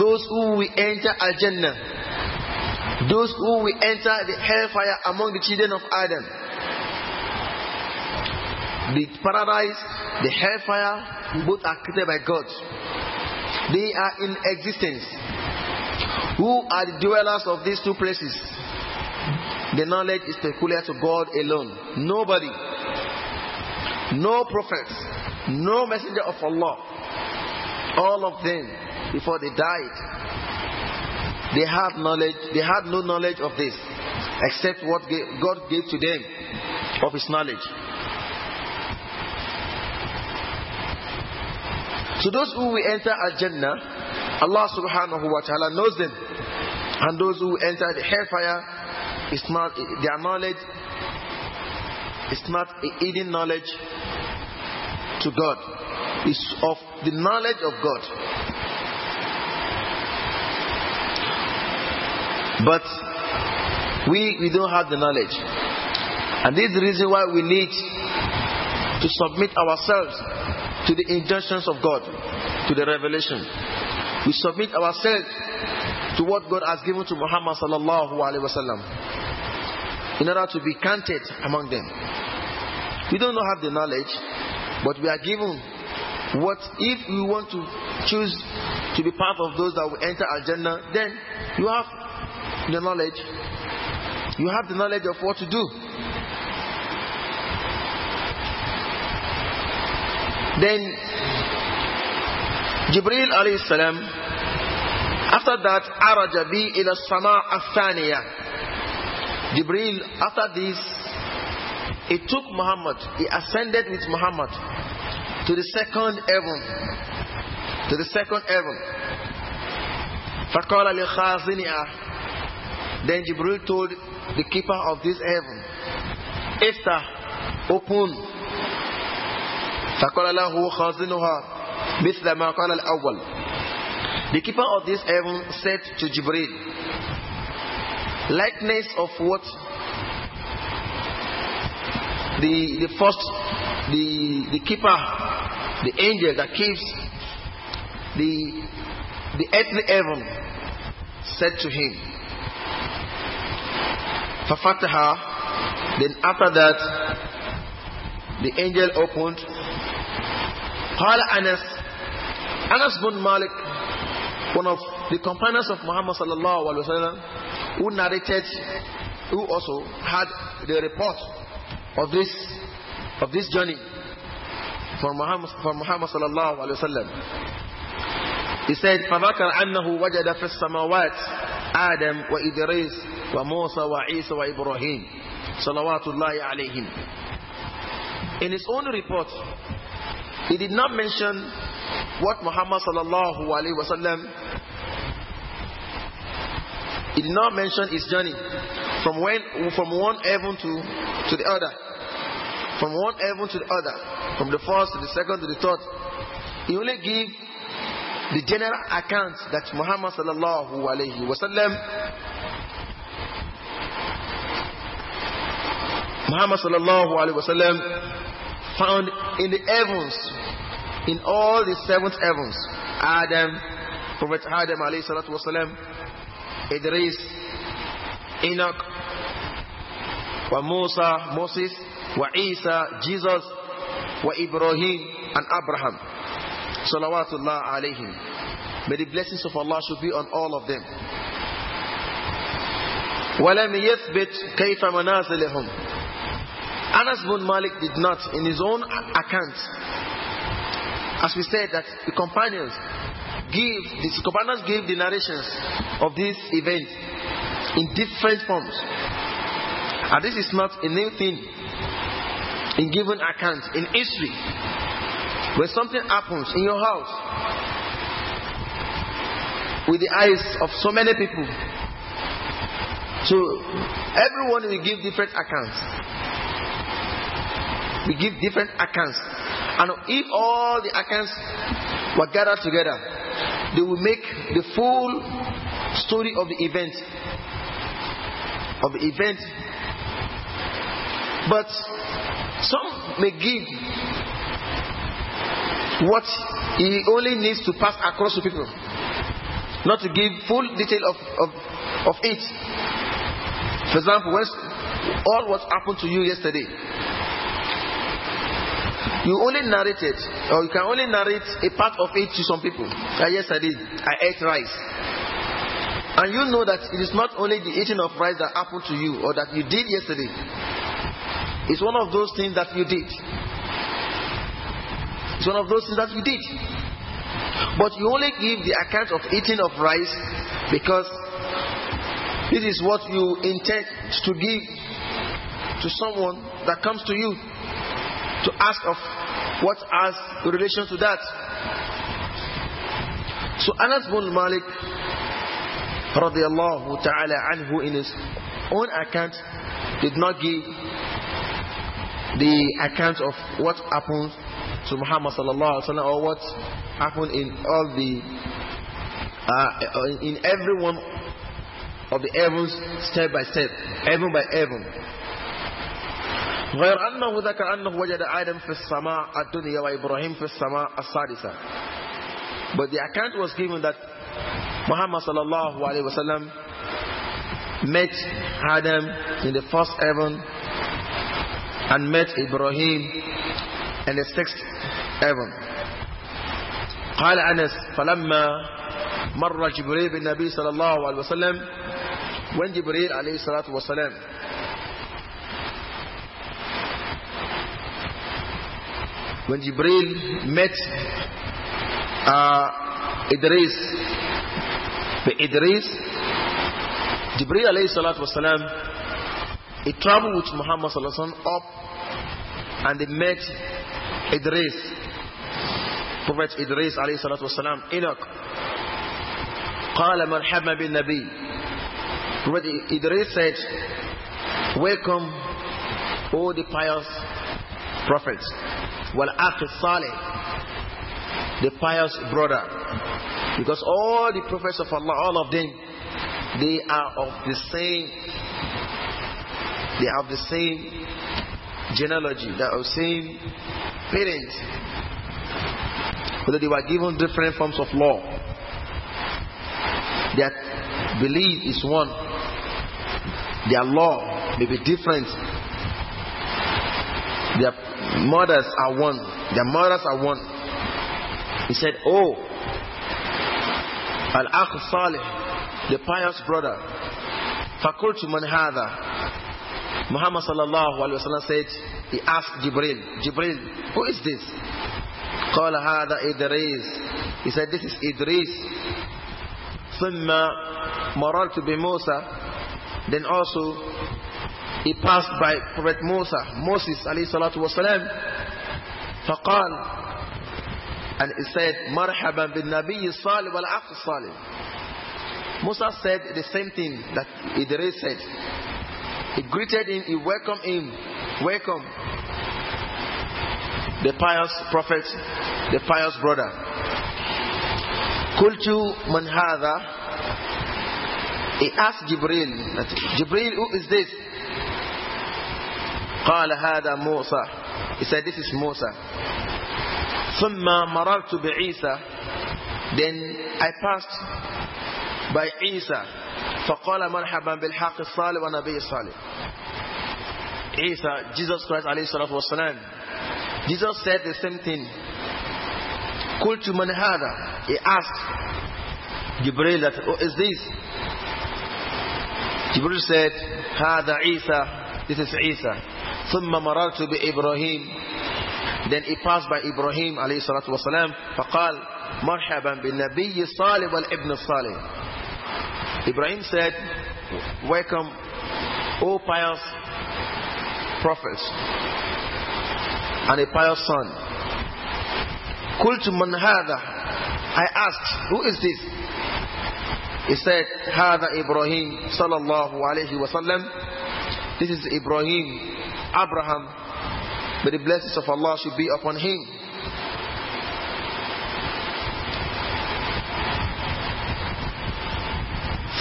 Speaker 1: those who will enter Al Jannah, those who will enter the hellfire among the children of Adam. The paradise, the hellfire, both are created by God. They are in existence. Who are the dwellers of these two places? The knowledge is peculiar to God alone. Nobody, no prophet, no messenger of Allah all of them before they died. They had knowledge, they had no knowledge of this except what God gave to them of his knowledge. So those who will enter Al Jannah, Allah subhanahu wa ta'ala knows them. And those who enter the hellfire, it's not their knowledge, is not hidden knowledge to God. It's of the knowledge of God. But we, we don't have the knowledge. And this is the reason why we need to submit ourselves to the injunctions of God, to the revelation. We submit ourselves to what God has given to Muhammad sallallahu alaihi wasallam in order to be counted among them. We don't have the knowledge, but we are given what if we want to choose to be part of those that will enter our Jannah? Then you have the knowledge. You have the knowledge of what to do. Then Jibril alayhi salam after that araja ila sama athaniya Jibril after this he took Muhammad he ascended with Muhammad to the second heaven. To the second heaven. فَقَالَ لِخَازِنِهَا Then Jibril told the keeper of this heaven, Esther, open. فَقَالَ لَهُ خَازِنُهَا مِثْلَ مَا قَالَ الْأَوَّلِ The keeper of this heaven said to Jibril, likeness of what the, the first the, the keeper the angel that keeps the, the earthly heaven, said to him, Fafataha. Then after
Speaker 2: that,
Speaker 1: the angel opened. Hala Anas, Anas bin Malik, one of the companions of Muhammad sallallahu alaihi wasallam, who narrated, who also had the report of this of this journey for Muhammad, for Muhammad sallallahu alayhi wa sallam. He said, فَذَكَرْ أَنَّهُ وَجَدَ فِي السَّمَوَاتِ آدَمْ وَإِدْرِيسِ وَمُوسَى وَعِيسَى وَإِبْرَاهِيم صلوات الله عليهم. In his own report, he did not mention what Muhammad sallallahu alayhi wa sallam he did not mention his journey from when from one heaven to, to the other from one heaven to the other, from the first to the second to the third. He only gave the general account that Muhammad sallallahu alayhi wasallam Muhammad sallallahu alayhi wasallam found in the heavens, in all the seventh heavens, Adam, Prophet Adam alayhi salatu wasallam, Idris, Enoch, Musa, Moses, wa Isa, Jesus, wa Ibrahim and Abraham. Salawatullah alayhim. May the blessings of Allah should be on all of them. ولم يثبت كيف منازلهم Anas bin Malik did not in his own account as we said that the companions give the companions give the narrations of this event in different forms and this is not a new thing in giving account in history. When something happens in your house, with the eyes of so many people, so everyone will give different accounts. We give different accounts. And if all the accounts were gathered together, they will make the full story of the event. Of the event. But some may give what he only needs to pass across to people, not to give full detail of, of, of it. For example, when all what happened to you yesterday, you only narrate it, or you can only narrate a part of it to some people. I yesterday I ate rice. And you know that it is not only the eating of rice that happened to you or that you did yesterday, it's one of those things that you did. It's one of those things that you did. But you only give the account of eating of rice because this is what you intend to give to someone that comes to you to ask of what has relation to that. So Anas bin Malik radiallahu ta'ala anhu in his own account did not give the account of what happened to Muhammad sallallahu alaihi wasallam or what happened in all the uh, in every one of the heavens step by step, heaven by heaven. غير أنه ذكر أنه وجد آدم في السماء الدنيا وإبراهيم في السماء السادسة. But the account was given that Muhammad sallallahu alaihi wasallam met Adam in the first heaven and met Ibrahim in the sixth heaven. قال أنس فلما مر جبريل بالنبي صلى الله عليه وسلم when Jibril عليه الصلاة والسلام when Jibril met uh, Idris بإدريس جبريل عليه الصلاة والسلام he traveled with Muhammad Sallallahu up and they met Idris, Prophet Idris alayhi salatu wasalam, Enoch. قال مرحبا بالنبي Prophet Idris said, Welcome, all the pious prophets. after Salih, The pious brother. Because all the prophets of Allah, all of them, they are of the same they have the same genealogy, the same parents. But they were given different forms of law. Their belief is one. Their law may be different. Their mothers are one. Their mothers are one. He said, Oh, Al Akh Saleh, the pious brother. Fakultu Manhada. Muhammad sallallahu alayhi wa sallam said, he asked Jibril, Jibril, who is this? قال هذا إدريس. He said, this is Idris. ثم مررت بموسى. Then also he passed by Prophet Musa, Moses alayhi salatu wasalam. فقال and he said, مرحبا بالنبي الصالح والعقل الصالح. Musa said the same thing that Idris said. He greeted him, he welcomed him. Welcome. The pious prophet, the pious brother. Kultu Manhada, He asked Jibril, Jibril, who is this? قال هذا موسى. He said, this is Musa. ثم مررت بعيسى. Then I passed by Isa. فقال مرحبا بالحق الصالح والنبي الصالح Isa, Jesus Christ عليه الصلاة والسلام Jesus said the same thing. Kultu من هذا he asked جبريل that, oh, is this? جبريل said, هذا Isa, this is Isa. ثم مررت بإبراهيم Then he passed by Ibrahim عليه الصلاة والسلام فقال مرحبا بالنبي الصالح والابن الصالح. Ibrahim said, Welcome, O pious prophets and a pious son. Kultu manhada. I asked, Who is this? He said, Hada Ibrahim sallallahu alayhi wasallam. This is Ibrahim, Abraham. May the blessings of Allah should be upon him.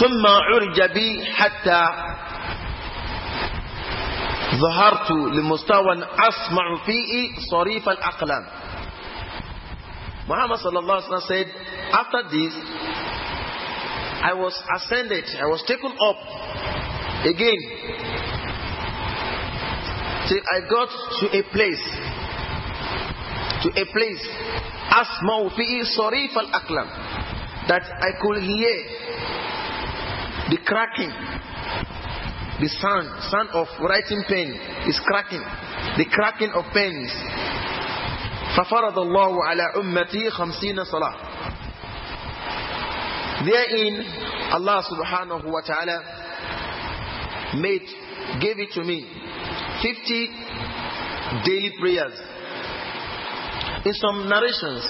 Speaker 1: ثم عرج بي حتى ظهرت لمستوى أسمع فيه صريف الأقلام Muhammad sallallahu alaihi wasallam said, after this, I was ascended, I was taken up again till I got to a place, to a place, asma'u fi'i sarif al-aklam, that I could hear the cracking. The sound, sound of writing pen is cracking. The cracking of pens. فَفَرَضَ اللَّهُ عَلَىٰ أُمَّتِي خَمْسِينَ صَلَاةً Therein, Allah subhanahu wa ta'ala made, gave it to me, 50 daily prayers. In some narrations,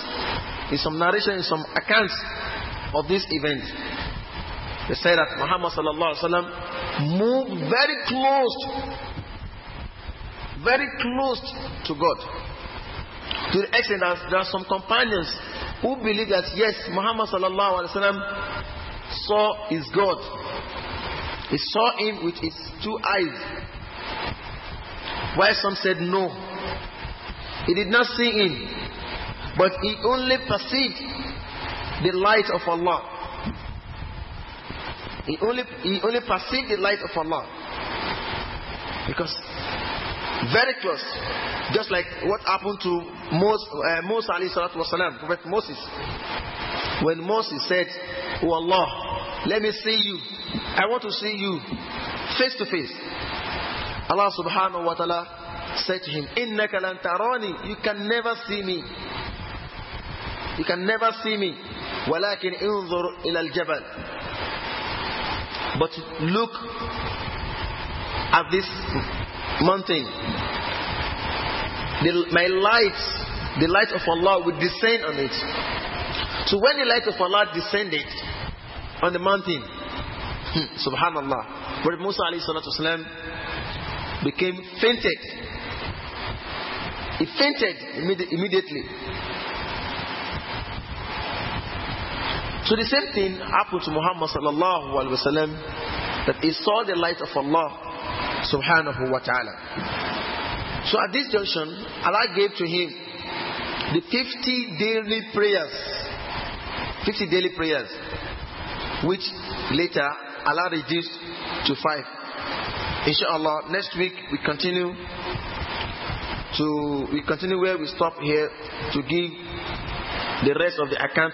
Speaker 1: in some narration, in some accounts of this event, they say that Muhammad sallallahu alaihi wasallam moved very close, very close to God. To the extent that there are some companions who believe that yes, Muhammad sallallahu alaihi wasallam saw his God. He saw him with his two eyes. While some said no, he did not see him, but he only perceived the light of Allah. He only, he only perceived the light of Allah. Because very close, just like what happened to Moses, uh, Moses alayhi Prophet Moses. When Moses said, Oh Allah, let me see you. I want to see you face to face. Allah subhanahu wa ta'ala said to him, Innaka lan tarani, you can never see me. You can never see me. Inzur ila al Jabal. But look at this mountain. The, my light, the light of Allah, will descend on it. So when the light of Allah descended on the mountain, hmm, subhanallah, where Musa والسلام, became fainted. He fainted immediately. So the same thing happened to Muhammad sallallahu alaihi wasallam that he saw the light of Allah subhanahu wa ta'ala. So at this junction, Allah gave to him the 50 daily prayers. 50 daily prayers, which later Allah reduced to five. Inshallah, next week we continue to we continue where we stop here to give the rest of the account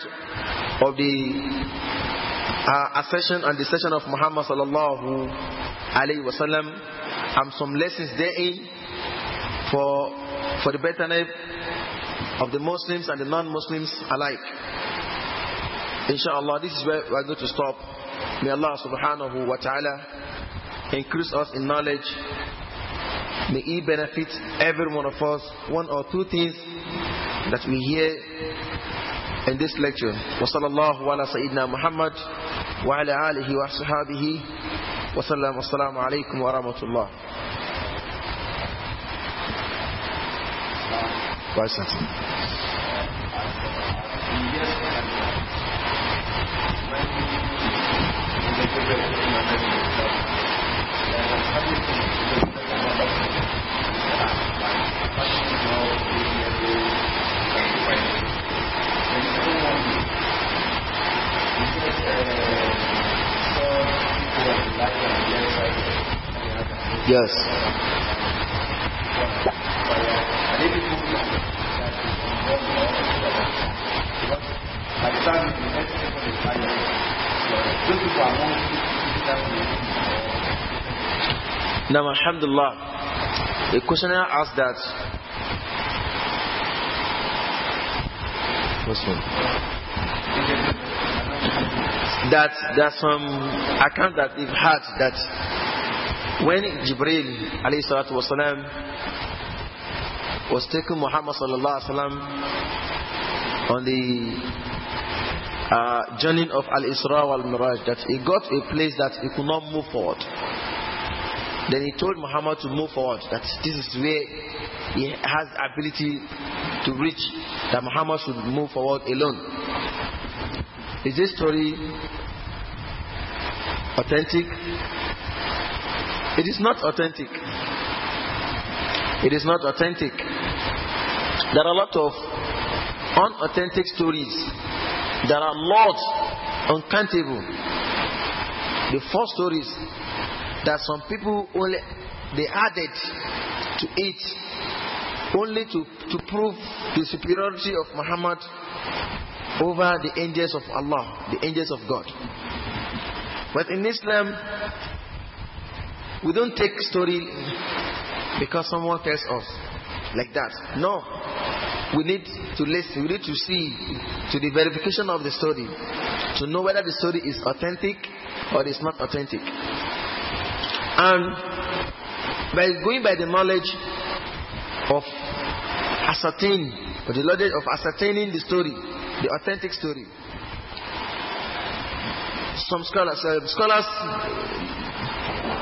Speaker 1: of the uh, ascension and the session of Muhammad sallallahu wa sallam and some lessons therein for for the better life of the Muslims and the non-Muslims alike. Inshallah, this is where we are going to stop. May Allah subhanahu wa ta'ala increase us in knowledge. May He benefit every one of us, one or two things that we hear in this lecture. وصلى الله على سيدنا محمد وعلى آله وصحابه وسلم والسلام عليكم ورحمة الله. Thank you. Yes. Now, Alhamdulillah, the questioner asked that. What's one? that there's some account that they've had that when Jibril alayhi salatu wasalam was taking Muhammad sallallahu alaihi wasallam on the uh, journey of Al Isra wal Miraj, that he got a place that he could not move forward. Then he told Muhammad to move forward, that this is where he has ability to reach, that Muhammad should move forward alone. Is this story authentic? It is not authentic. It is not authentic. There are a lot of unauthentic stories. There are lots, uncountable. The false stories that some people only they added to it only to, to prove the superiority of Muhammad over the angels of Allah, the angels of God. But in Islam, we don't take story because someone tells us like that. No. We need to listen, we need to see to the verification of the story to know whether the story is authentic or is not authentic. And by going by the knowledge of ascertaining, or the knowledge of ascertaining the story, the authentic story. Some scholars, uh, scholars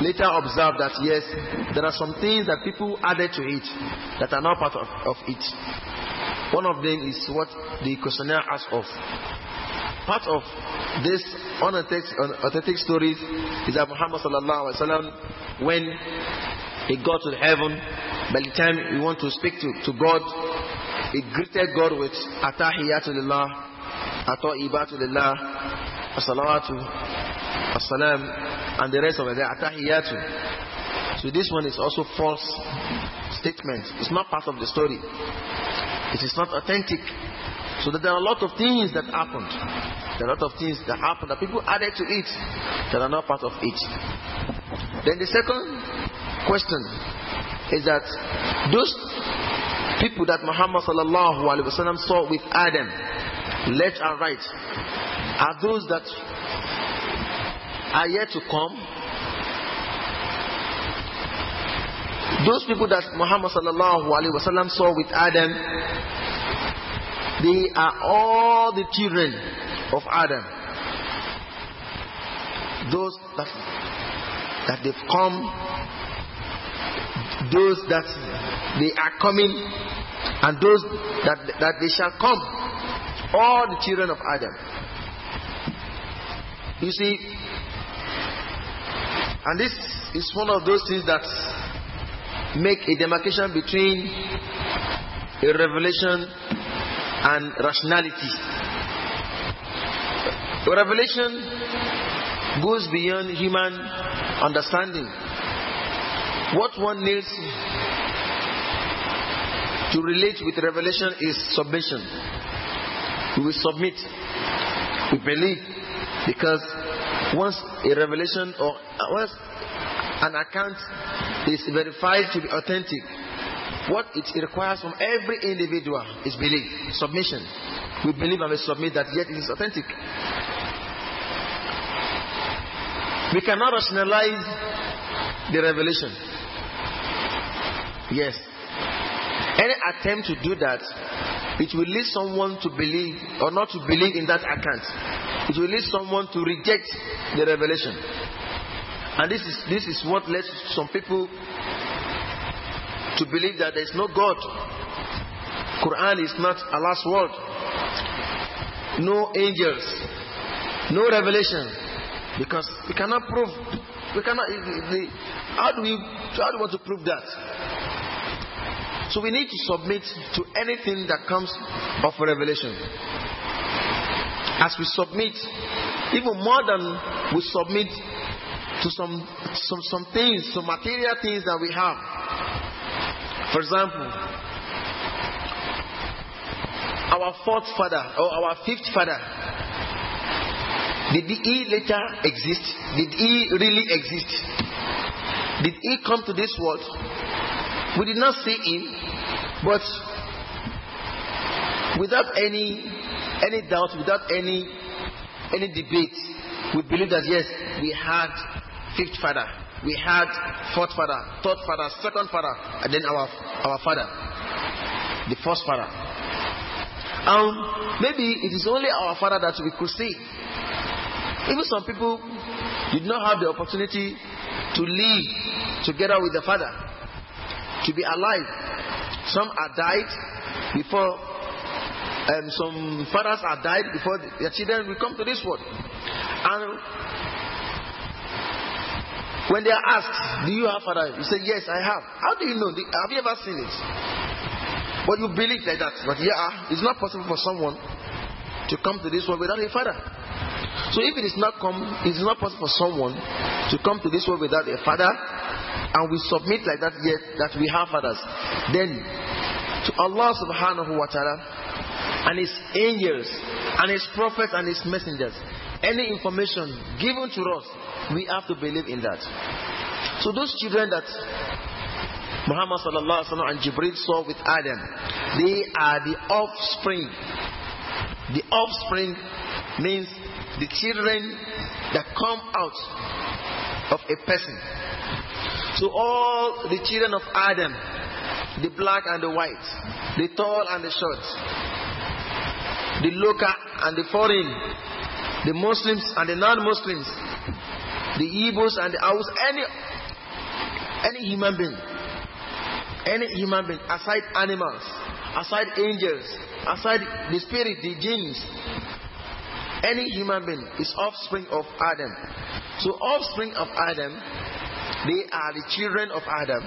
Speaker 1: later observed that yes, there are some things that people added to it that are not part of, of it. One of them is what the questionnaire asked of. Part of this authentic stories is that Muhammad sallallahu alaihi wasallam, when he got to heaven, by the time he want to speak to, to God, he greeted God with Atahiyatulillah, Ata'ibatulillah, As-salawatu, As-salam, and the rest of it. Atahiyatu. So this one is also false statement. It's not part of the story. It is not authentic. So that there are a lot of things that happened. There are a lot of things that happened that people added to it that are not part of it. Then the second question is that those people that Muhammad sallallahu alaihi wasallam saw with Adam, left and right, are those that are yet to come. Those people that Muhammad sallallahu alaihi wasallam saw with Adam, they are all the children of Adam. Those that, that they've come those that they are coming and those that, that they shall come, all the children of Adam. You see, and this is one of those things that make a demarcation between a revelation and rationality. A revelation goes beyond human understanding what one needs to relate with revelation is submission. We will submit. We believe. Because once a revelation or uh, once an account is verified to be authentic, what it requires from every individual is belief, submission. We believe and we submit that yet it is authentic. We cannot rationalize the revelation. Yes. Any attempt to do that, it will lead someone to believe or not to believe in that account. It will lead someone to reject the revelation. And this is, this is what leads some people to believe that there is no God. Quran is not Allah's word. No angels. No revelation. Because we cannot prove. We cannot. The, how do we? How do we want to prove that? So we need to submit to anything that comes of revelation. As we submit, even more than we submit to some, some, some things, some material things that we have. For example, our fourth father or our fifth father, did he later exist? Did he really exist? Did he come to this world? We did not see him, but without any any doubt, without any any debate, we believe that yes, we had fifth father, we had fourth father, third father, second father, and then our our father, the first father. Um, maybe it is only our father that we could see. Even some people did not have the opportunity to live together with the father to be alive. Some are died before, um, some fathers are died before their children will come to this world. And when they are asked, Do you have father? You say, Yes, I have. How do you know? Have you ever seen it? But you believe like that. But yeah, it's not possible for someone to come to this world without a father. So if it is not come, it is not possible for someone to come to this world without a father and we submit like that, yet that we have others, then to Allah subhanahu wa ta'ala and His angels and His prophets and His messengers, any information given to us, we have to believe in that. So those children that Muhammad sallallahu alaihi wasallam and Jibril saw with Adam, they are the offspring. The offspring means the children that come out of a person to all the children of Adam, the black and the white, the tall and the short, the local and the foreign, the Muslims and the non-Muslims, the Igbos and the Aus, any, any human being, any human being, aside animals, aside angels, aside the spirit, the jinns, any human being is offspring of Adam. So offspring of Adam they are the children of Adam.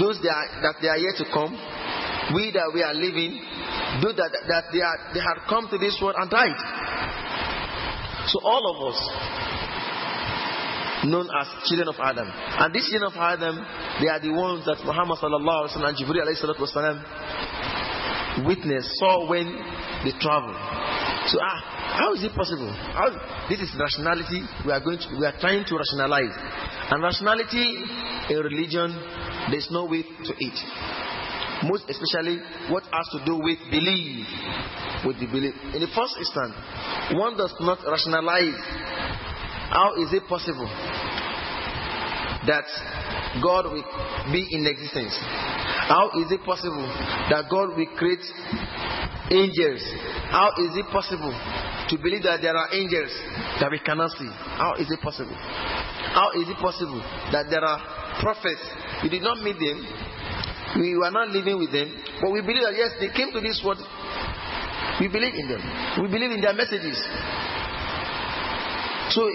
Speaker 1: Those that, are, that they are yet to come, we that we are living, those that, that they, are, they have come to this world and died. So all of us, known as children of Adam. And these children of Adam, they are the ones that Muhammad sallallahu and alayhi wasallam witnessed, saw when they traveled. So ah, how is it possible? How, this is rationality. We are going to, we are trying to rationalize, and rationality in religion, there is no way to it. Most especially, what has to do with belief, with the belief. In the first instance, one does not rationalize. How is it possible? that God will be in existence? How is it possible that God will create angels? How is it possible to believe that there are angels that we cannot see? How is it possible? How is it possible that there are prophets? we did not meet them, we were not living with them, but we believe that yes, they came to this world. We believe in them, we believe in their messages. So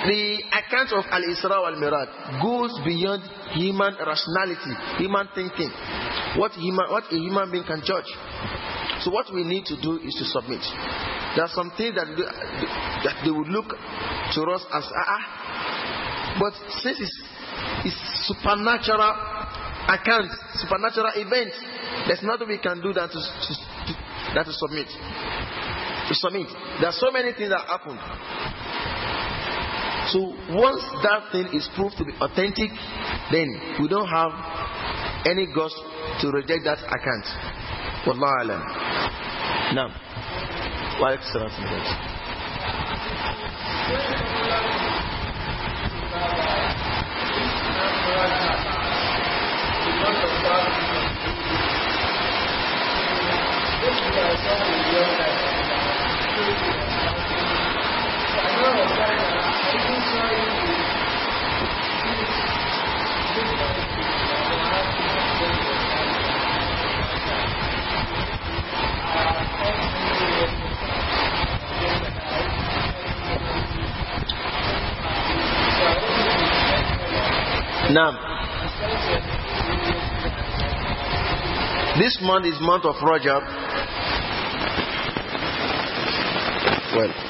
Speaker 1: the account of Al Isra wal Miraj goes beyond human rationality, human thinking, what, human, what a human being can judge. So, what we need to do is to submit. There are some things that, that they would look to us as ah, ah, but since it's, it's supernatural account, supernatural event, there's nothing we can do than to, to, to, than to submit. To submit. There are so many things that happened so once that thing is proved to be authentic, then we don't have any ghost to reject that account. Wallahu alam. Now, wa alaikum
Speaker 2: Thank you.
Speaker 1: Now, this month is month of Rajab.
Speaker 2: Well,